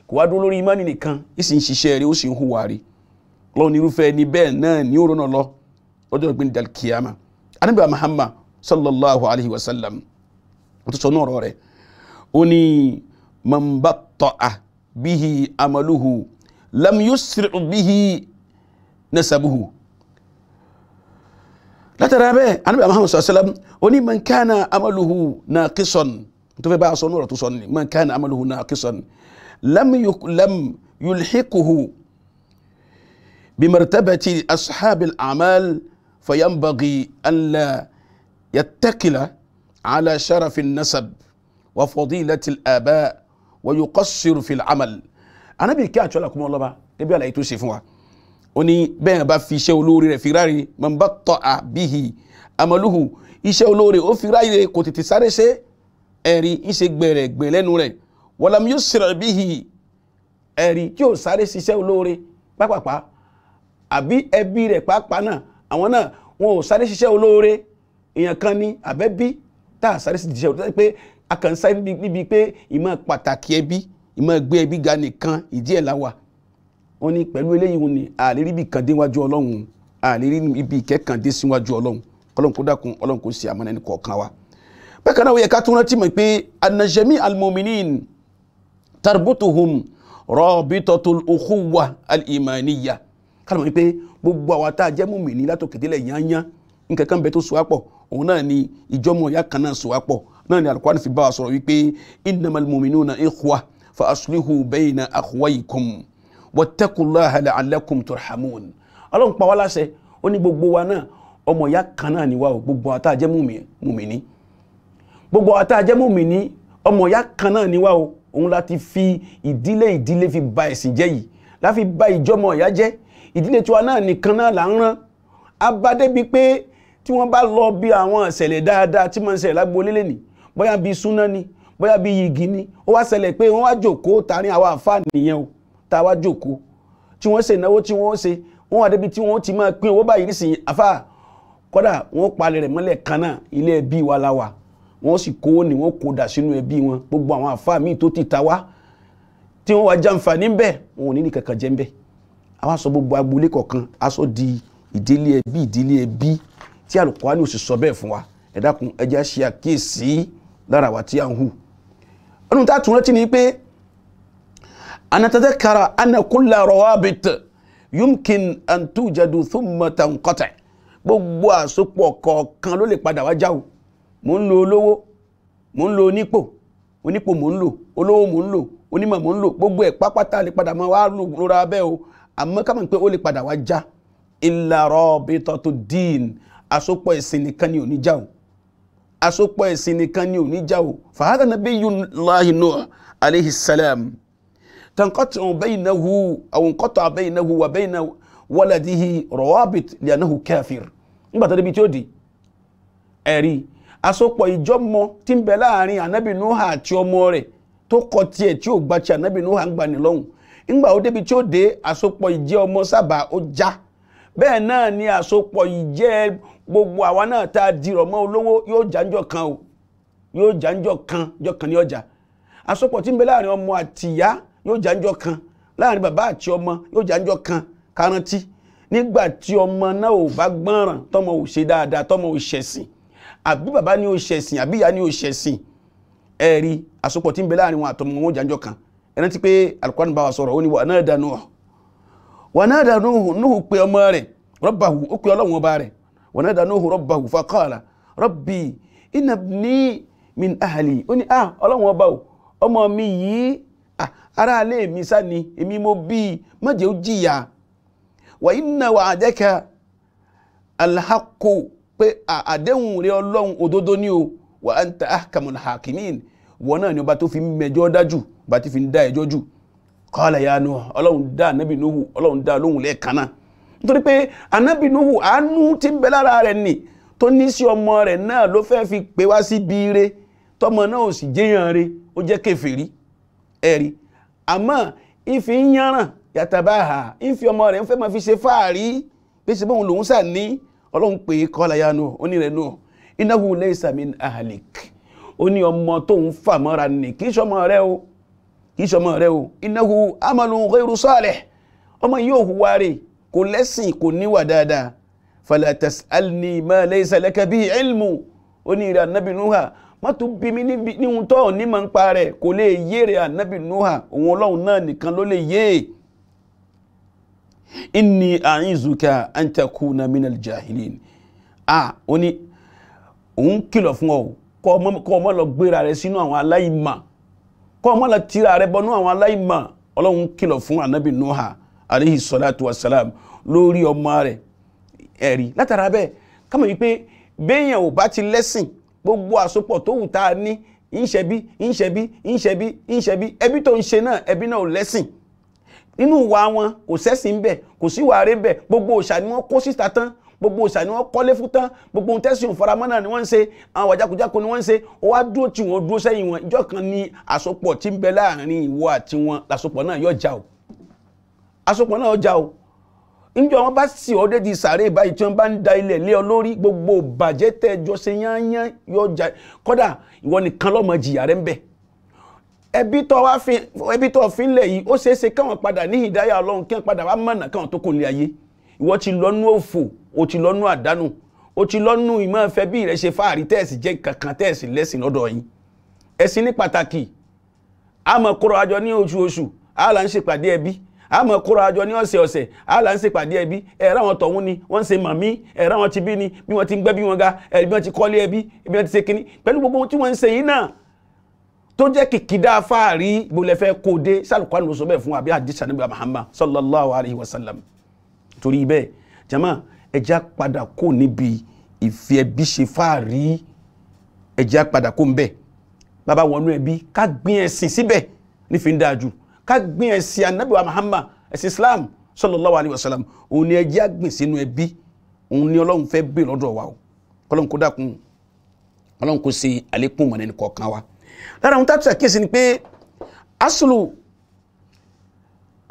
kò wá dúró lórí ìmánì nìkan ó sì ń ṣiṣẹ́ rí ó sì ń hùwà rí lọ́run irúfẹ́ ni bẹ́ẹ̀ náà ní òrónà lọ lọ́jọ́ ìgbìn dalkiyama anábìá Muhammad sallallahu alayhi wa sallam ó tún sọ náà rẹ̀ ó ní man batta'a bihi amaluhu lam yusri bihi nasabuhu لا ترى به أنا محمد صلى الله عليه وسلم وني من كان عمله ناقصا تفي بعض صنورة تصني من كان عمله ناقصا لم يك... لم يلحقه بمرتبة أصحاب الأعمال فينبغي أن لا يتكل على شرف النسب وفضيلة الآباء ويقصر في العمل أنا بيكاتش لكم والله بقى نبي على يتوسي فوا ó ní bẹ́ẹ̀ bá fi iṣẹ́ olóore rẹ̀ fi ráre man batta'a bihi amaluhu iṣẹ́ olóore ó fi ráre kò tètè sáré ṣe ẹ̀rí ìṣe gbẹ̀rẹ̀ gbẹ̀ lẹ́nu rẹ̀ walam yusra bihi ẹ̀rí tí ò sáré ṣiṣẹ́ olóore pápápá àbí ẹbí rẹ̀ pàápàá náà àwọn náà wọn ò sáré ṣiṣẹ́ olóore èèyàn kan ní àbẹ́bí tá a sáré ṣiṣẹ́ olóore pé a kàn sáré níbi pé ìmọ̀ pàtàkì ẹbí ìmọ̀ gbé ẹbí ga nìkan ìdí ẹ̀ láwà wọ́n ní pẹ̀lú eléyìí wọn ni àlérí ibi kan dé wájú ọlọ́run àlérí ibi ìkẹ́kàn dé síwájú ọlọ́run ọlọ́run kó dákun ọlọ́run kó ṣe àmọ́nà ẹni kọ̀ọ̀kan wa. bákan náà ó yẹ ká tún rántí mọ̀ pé anajami almominin tarbutuhum rabitatul ukhuwa alimaniya kálọ̀ wípé gbogbo àwa tá a jẹ́ mùmìnì látòkèdélẹ̀ yányán nǹkan kan bẹ tó so àpọ̀ òun náà ni ìjọmọ ìyá kan náà so àpọ̀ náà ni Al-Qur'an fi bá wa sọ̀rọ̀ wípé innamal mu'minuna ikhwa fa aslihu bayna akhwaykum wattaqullaha la'allakum turhamun ọlọ́run pa wá láṣẹ ó ní gbogbo wa náà ọmọ ìyá kan náà ni wá o gbogbo àtà jẹ́ mùmìní gbogbo àtà jẹ́ mùmìní ọmọ ìyá kan náà ni wá o òun láti fi ìdílé ìdílé fi ba ẹ̀sìn jẹ́ yìí láfi ba ìjọmọ ìyá jẹ́ ìdílé tiwa náà nìkan náà là ń rán abádébi pé tí wọ́n bá lọ bí àwọn ìṣẹ̀lẹ̀ dáadáa tí wọ́n ń ṣẹlẹ̀ lágboolé lẹ́nìí bóyá bíi súná ni bóyá bíi yìgì ni ó wá ṣẹlẹ̀ pé wọ́n wá jòkó tarin àwa àfáà nìyẹn o tá a wá jòkó tí wọ́n ṣe ìnáwó tí wọ́n ṣe wọ́n wà débi tí wọ́n ti máa pín owó báyìí nísìnyí àfà kọ́dà wọ́n palẹ̀ rẹ̀ mọ́lẹ̀ kan náà ilé ẹbí wa la wà wọ́n sì kówó ni wọ́n kó dà sínú ẹbí wọn gbogbo àwọn àfà míì tó ti ta wá tí wọ́n wá jàǹfààní ń bẹ̀ wọn ò ní ní kankan jẹ́ ń bẹ̀ àwọn aṣọ gbogbo agboolé kọ̀ọ̀kan aṣọ di ìdílé ẹbí ìdílé ẹbí tí àlùkòánì òsì sọ bẹ́ẹ̀ fún wa ẹ dákun ẹ jẹ́ ṣe àkíyèsí lára wa tí à ń hù ọdún tá a tún rántí ni pé أن نتذكر أن كل روابط يمكن أن توجد ثم تنقطع gbogbo àsopọ̀ kọ̀ọ̀kan ló lè padà wá jáwò mò ń lo olówó mò ń lo onípò onípò mò ń lò olówó mò ń lò onímọ̀ mò ń lò gbogbo ẹ̀ pápátá lè padà máa wá lóra abẹ́ o àmọ́ ká mọ̀ pé ó lè padà wá já illa rabitatu din àsopọ̀ ẹ̀sìn nìkan ni ò ní jáwò àsopọ̀ ẹ̀sìn nìkan ni ò ní jáwò fahadha nabiyullahi Nuh alayhi تنقطع بينه أو انقطع بينه وبين ولده روابط لأنه كافر nígbà tó débi tí ó di ẹ̀rí àsopọ̀ ìjọ́mọ tí ń bẹ láàrin ànábì nuha àti ọmọ rẹ̀ tó kọ tiẹ̀ tí ò ti ànábì nuha ń gbani lọ́hùn nígbà ó gbogbo náà mọ́ olówó yóò kan kan kan ní ọjà àsopọ̀ tí ń bẹ láàrin ọmọ àtìyá yóò jájọ́ kan láàrin bàbá àti ọmọ yóò jájọ́ kan karantí nígbà tí ọmọ náà ò bá gbọ́nràn tọmọ ò ṣe dáadáa tọmọ ò ṣẹ̀sìn àbí bàbá ni ò ṣẹ̀sìn àbí ìyá ni ò ṣẹ̀sìn ẹ̀rí àsopọ̀ tí ń bẹ láàrin wọn àtọmọ wọn jájọ́ kan ẹ rántí pé alukọ́ni bá wa sọ̀rọ̀ ó ní wà náà dànù ọ̀ wà náà dànù Nuhu pé ọmọ rẹ̀ rọ́bàhù ó pé ọlọ́run ọba rẹ̀ wà náà dànù rọ́bàhù faqala rabbi inna ibni min ahli ó ní ah ọlọ́run ọba ò ọmọ mi yìí aráalé mi sá ni èmi mo bí i má jẹ́ ó wa inna wa'adaka alhaqqu pé àdéhùn rẹ ọlọ́run òdodo ni o wa anta ahkamul hakimin wọn náà ni ọba tó fi mẹjọ dájú ọba tó fi ń dá ẹjọ́ jù qala ya Nuh ọlọ́run dá anábì Nuhu ọlọ́run dá lóhùn lẹ́ẹ̀kan náà nítorí pé anábì Nuhu àánú ti ń bẹ lára rẹ̀ nì tó ní sí ọmọ rẹ̀ náà ló fẹ́ fi pè wá sí bíire tọmọ náà ò sì jẹ́yàn rẹ̀ ó jẹ́ kèfèrí ẹ̀rí àmọ́ ìfi ń yánràn yàtàbáhà ìfi ọmọ rẹ̀ ń fẹ́ máa fi ṣe fáàrí bí ṣe bóun lòun sà ní ọlọ́run pé kọ́lá yanu onírẹ̀nu innahu laysa min ahlik ó ní ọmọ tóun fà mọ́ra nì kì í ṣọmọ rẹ o kì í ṣọmọ rẹ o innahu amalun ghayru salih ọmọ yìí ò hùwà rẹ̀ kò lẹ́sìn kò níwà dáadáa fala tas'alni ma laysa laka bihi ilmu onírẹ̀ anábìnúhà má tún bimi mi níhun tó ní mọ̀ ń pa rẹ̀ kò lè yéèrè ànábì Nuha òun ọlọ́run náà nìkan ló lè yéè inni àìzùkà antakuna minal jahilin ah ó ní òun kìlọ̀ fún ọ kọ́ ọmọ lọ gbéra rẹ sínú àwọn aláìmọ̀ kọ́ ọmọ lọ tira rẹ bọnú àwọn aláìmọ̀ ọlọ́run kìlọ̀ fún ànábì Nuha alayhi salatu wasalam lórí ọmọ rẹ̀ ẹ̀rí látara bẹ́ẹ̀ kámọ̀ wípé béèyàn ò bá ti lẹ́sìn gbogbo àsopọ̀ tó wù tá a ní ìṣẹ́bí ìṣẹ́bí ìṣẹ́bí ìṣẹ́bí ẹbí tó ń ṣe náà ẹbí náà ò lẹ́sìn nínú ìwà wọn kò sẹ́sìn bẹ̀ kò sí ìwà rẹ̀ bẹ̀ gbogbo òòṣà ni wọ́n kó síta tán gbogbo òòṣà ni wọ́n kọ́lé fún tán gbogbo ohun tẹ́sìn òfaramọ́ náà ni wọ́n ń ṣe àwọn àjàkújákú ni wọ́n ń ṣe ó wá dúró tí wọ́n dúró sẹ́yìn wọn ìjọ kan ni àsopọ̀ tí ń bẹ láàrin ìwọ àti wọn làsopọ̀ náà yóò já o àsopọ̀ náà yóò já o níjọ́ wọn bá sì ọ́ dédi sàárè báyìí tí wọ́n bá ń da ilẹ̀ lé ọ lórí gbogbo bàjẹ́ tẹ́ ẹjọ́ ṣe yányán yọ jà kọ́dà ìwọ nìkan lọ́mọ jìyà rẹ̀ ń bẹ̀. ẹbí tó wá fi ẹbí tó fi ń lẹ̀ yìí ó ṣeé ṣe káwọn padà ní ìdáyà ọlọ́run kí wọ́n padà wá mọ̀nà káwọn tó kò lè ayé ìwọ ti lọ́nú òfò o ti lọ́nú àdánù o ti lọ́nú ìmọ̀ ẹ̀fẹ́ bí rẹ̀ ṣe fáàrí tẹ́ẹ̀sì jẹ́ kankan tẹ́ẹ̀sì lẹ́sìn lọ́dọ̀ yín ẹ̀sìn ní pàtàkì àmọ́ kóró àjọ ní oṣooṣù àlà ń ṣèpàdé ẹbí àmọ́ kóra àjọ ní ọ̀sẹ̀ ọ̀sẹ̀ àlà ń ṣèpàdé ẹbí ẹ̀rọ àwọn tọ̀hún ni wọ́n ń ṣe màmí ẹ̀rọ àwọn ti bí ni bí wọ́n ti ń gbẹ́ bí wọn ga ẹbí wọn ti kọ́lé ẹbí ẹbí wọn ti ṣe kínní pẹ̀lú gbogbo ohun tí wọ́n ń ṣe yìí náà tó jẹ́ kìkìdá fáàrí gbolẹ̀fẹ́ kó dé sálùkọ́ ló sọ bẹ́ẹ̀ fún àbí àdìsá nígbà Muhammad sallallahu alayhi wa sallam torí bẹ́ẹ̀ jama ẹja padà kó níbi ìfi ẹbí ṣe fáàrí ẹja padà kó ń bẹ̀ bàbá wọnú ẹbí ká gbin ẹ̀sìn síbẹ̀ nífi ń dáa jù ká gbin ẹ̀sìn anabi wa Muhammad ẹ̀sìn Islam sallallahu alayhi wa sallam òun ni ẹjẹ́ àgbìn sínú ẹbí òun ni ọlọ́run fẹ́ bè lọ́dọ̀ wa o ọlọ́run kó dákun ọlọ́run kó ṣe àlékún mọ̀nà ẹnì kọ̀ọ̀kan wa lára àwọn tábìlì àkíyèsí ni pé asulu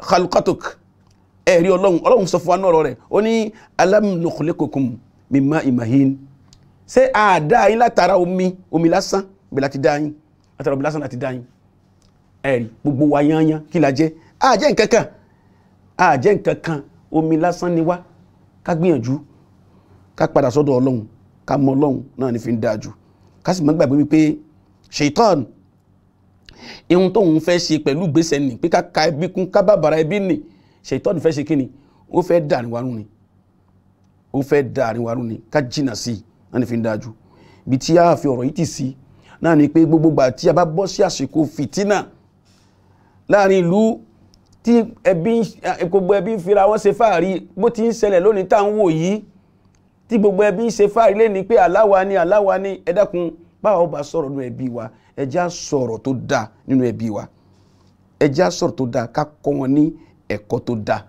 khalukatuk ẹ̀rí ọlọ́run ọlọ́run sọ fún wa náà ọ̀rọ̀ ó ní alam nukhliqukum imahin ṣé àádáa yín látara omi omi lásán bí láti dá yín látara omi lásán láti dá yín ẹ̀rí gbogbo wa yanyan kí la jẹ́ àjẹ́ nǹkan kan àjẹ́ nǹkan kan omi lásán ni wá ká gbìyànjú ká padà sọ́dọ̀ ọlọ́run ká mọ ọlọ́run náà ní fi ń dáa jù ká sì má gbàgbé wípé ṣètọ́n ihun tóun fẹ́ ṣe pẹ̀lú gbèsè nì pé ká ka ẹbí kún ká bàbàrà ẹbí nì ṣètọ́n fẹ́ ṣe kíni ó fẹ́ dà ní warun ni ó fẹ́ dà ní warun ni ká jìnà sí i náà ní fi ń dáa ibi tí a fi ọ̀rọ̀ yìí ti sí náà ni pé gbogbo gbà tí a bá bọ́ sí àsìkò fìtínà láàrin ìlú tí ẹbí gbogbo ẹbí ń fira wọn ṣe fáàrí bó ti ń ṣẹlẹ̀ lónìí tá ń wò yìí tí gbogbo ẹbí ń ṣe fáàrí lẹ́ni pé aláwa ni aláwa ni ẹ dákun báwa ó bá sọ̀rọ̀ nínú ẹbí wa ẹ já sọ̀rọ̀ tó dáa nínú ẹbí wa ẹ sọ̀rọ̀ tó dáa ká kọ́ wọn ní ẹ̀kọ́ tó dáa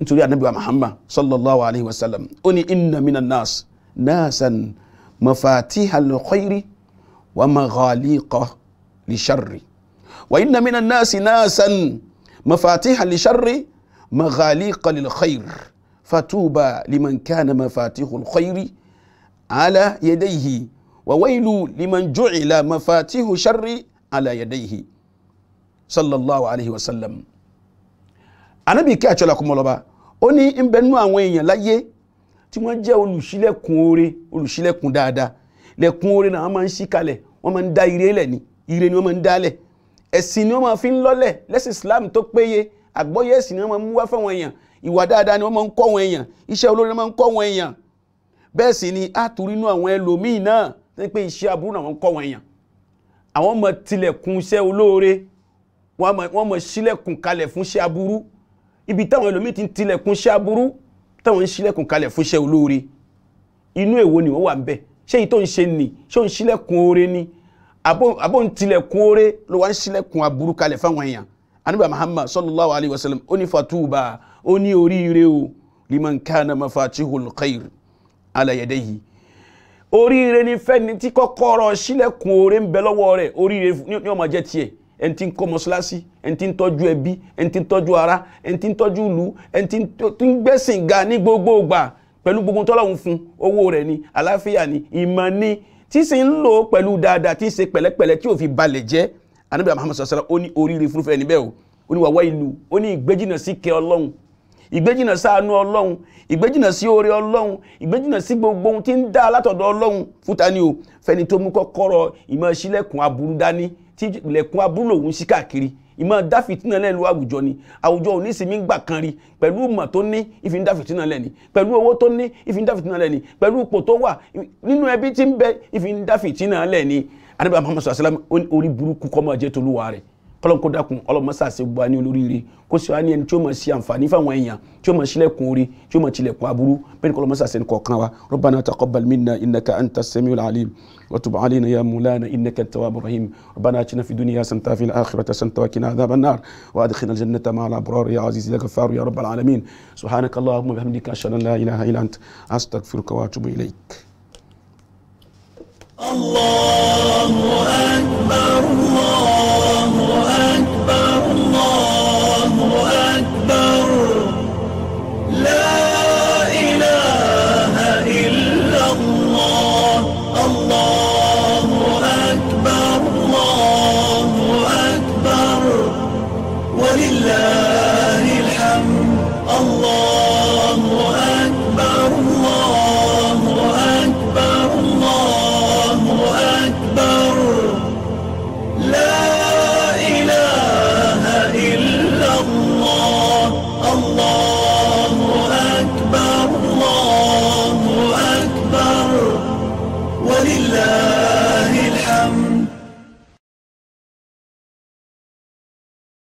nítorí anábìwa Muhammad sallallahu alayhi wa sallam ó ní inna minan nas nasan mafatihal khairi wa maghaliqa li sharri wa inna mina nasi nasan mafatiha li sharri maghaliqa lil khair fatuba liman kana mafatihu al khairi ala yadayhi wa wailu liman ju'ila mafatihu sharri ala yadayhi sallallahu alaihi wasallam anabi kí àtsọ́lá kọ́ mọ́lọ́ba ó ní ń bẹ nínú àwọn èèyàn láyé tí wọ́n jẹ́ olùṣílẹ̀kùn oore olùṣílẹ̀kùn dáadáa lẹ̀kùn oore náà wọ́n máa ń ṣí kalẹ̀ wọ́n máa ń dá ire lẹ̀ ni ire ni wọ́n máa ń dá lẹ̀ ẹ̀sìn ni wọ́n máa fi ń lọ́lẹ̀ lẹ́sìn Islam tó péye àgbọ́yé ẹ̀sìn ni wọ́n máa mú wá fáwọn èèyàn ìwà dáadáa ni wọ́n máa ń kọ́ wọn èèyàn iṣẹ́ olórí ni wọ́n máa ń kọ́ wọn èèyàn bẹ́ẹ̀ sì ni àtúrínú àwọn ẹlòmíì náà ní pé iṣẹ́ aburú náà wọ́n kọ́ wọn èèyàn àwọn ọmọ tilẹ̀kùn iṣẹ́ olóore wọ́n mọ̀ sílẹ̀kùn kalẹ̀ fún iṣẹ́ aburú ibi táwọn ẹlòmíì ti ń tilẹ̀kùn iṣẹ́ aburú táwọn ń sílẹ̀kùn kalẹ̀ fún iṣẹ́ olóore inú èwo ni wọ́n wà ń bẹ̀ ṣé èyí tó ń ṣe nì ṣé òun sílẹ̀kùn oore ni àbò ń tilẹ̀kùn oore ló wá ń ṣílẹ̀kùn aburú kalẹ̀ fáwọn èèyàn anuba muhammad sallallahu alayhi wa sallam ó ní fatuba ó ní oríire o liman kana mafatihul khair ala yadihi oríire ni fẹ́ni tí kọ́kọ́rọ́ ṣílẹ̀kùn oore ń bẹ lọ́wọ́ rẹ̀ oríire ní ó máa jẹ́ tiẹ̀ ẹni tí ń kọ́ mọ́ṣáláṣí ẹni tí ń tọ́jú ẹbí ẹni tí ń tọ́jú ara ẹni tí ń tọ́jú ìlú ẹni tí ń gbẹ̀sìn ga ní gbogbo ìgbà pẹ̀lú gbogbo tọ́lọ́hún fún owó rẹ̀ ni àlàáfíà ni ìmọ̀ ni tí sì ń lò pẹ̀lú dáadáa tí ń ṣe pẹ̀lẹ́pẹ̀lẹ́ tí ò fi balẹ̀ jẹ́ anábì Muhammad sọ̀sọ́lá ó ní oríire fúnfẹ́ níbẹ̀ o ó ní wàwá ìlú ó ní ìgbéjìnà sí kẹ ọlọ́run ìgbéjìnà sáànú ọlọ́run ìgbéjìnà sí oore ọlọ́run ìgbéjìnà sí gbogbo ohun tí ń dá látọ̀dọ̀ ọlọ́run fúta ni o fẹni tó mú kọ́kọ́rọ́ ìmọ̀ sílẹ̀kùn aburú dání tí ilẹ̀kùn aburú lòun sí káàkiri ìmọ̀ dáfìtínà lẹ́lu àwùjọ ni àwùjọ ò ní sinmi gbà kan rí pẹ̀lú ìmọ̀ tó ní ìfi ń dáfìtínà lẹ́ni pẹ̀lú owó tó ní ìfi ń dáfìtínà lẹ́ni pẹ̀lú ipò tó wà nínú ẹbí tí ń bẹ ìfi ń dáfìtínà lẹ́ni anábìyà muhammadu sallam orí burúkú kọ́ máa tolúwa rẹ̀ kọ́lọ́n kó dákun ọlọ́mọ sàṣẹ gbogbo wa ní olóríire kó sì wá ní ẹni tí ó mọ̀ sí àǹfààní fáwọn èèyàn tí ó mọ̀ sílẹ̀kùn orí tí ó mọ̀ tilẹ̀kùn aburú bẹ́ẹ̀ ni oluriri ko si wa ni eni ti o ma si anfani fa won eyan ti o ma mo silekun ori ti o ma mo ku aburu pe ni kolon ma sa se ni kookan wa rabbana taqabbal minna innaka anta samiul alim wa tub alayna ya mulana innaka at-tawwabur rahim rabbana atina fid dunya hasanatan wa fil akhirati hasanatan wa qina adhaban nar wa adkhilna al-jannata al abrar ya aziz ya ghaffar ya rabbal alamin subhanaka allahumma wa bihamdika ashhadu an la ilaha illa anta astaghfiruka wa atubu ilaik الله أكبر الله Akbar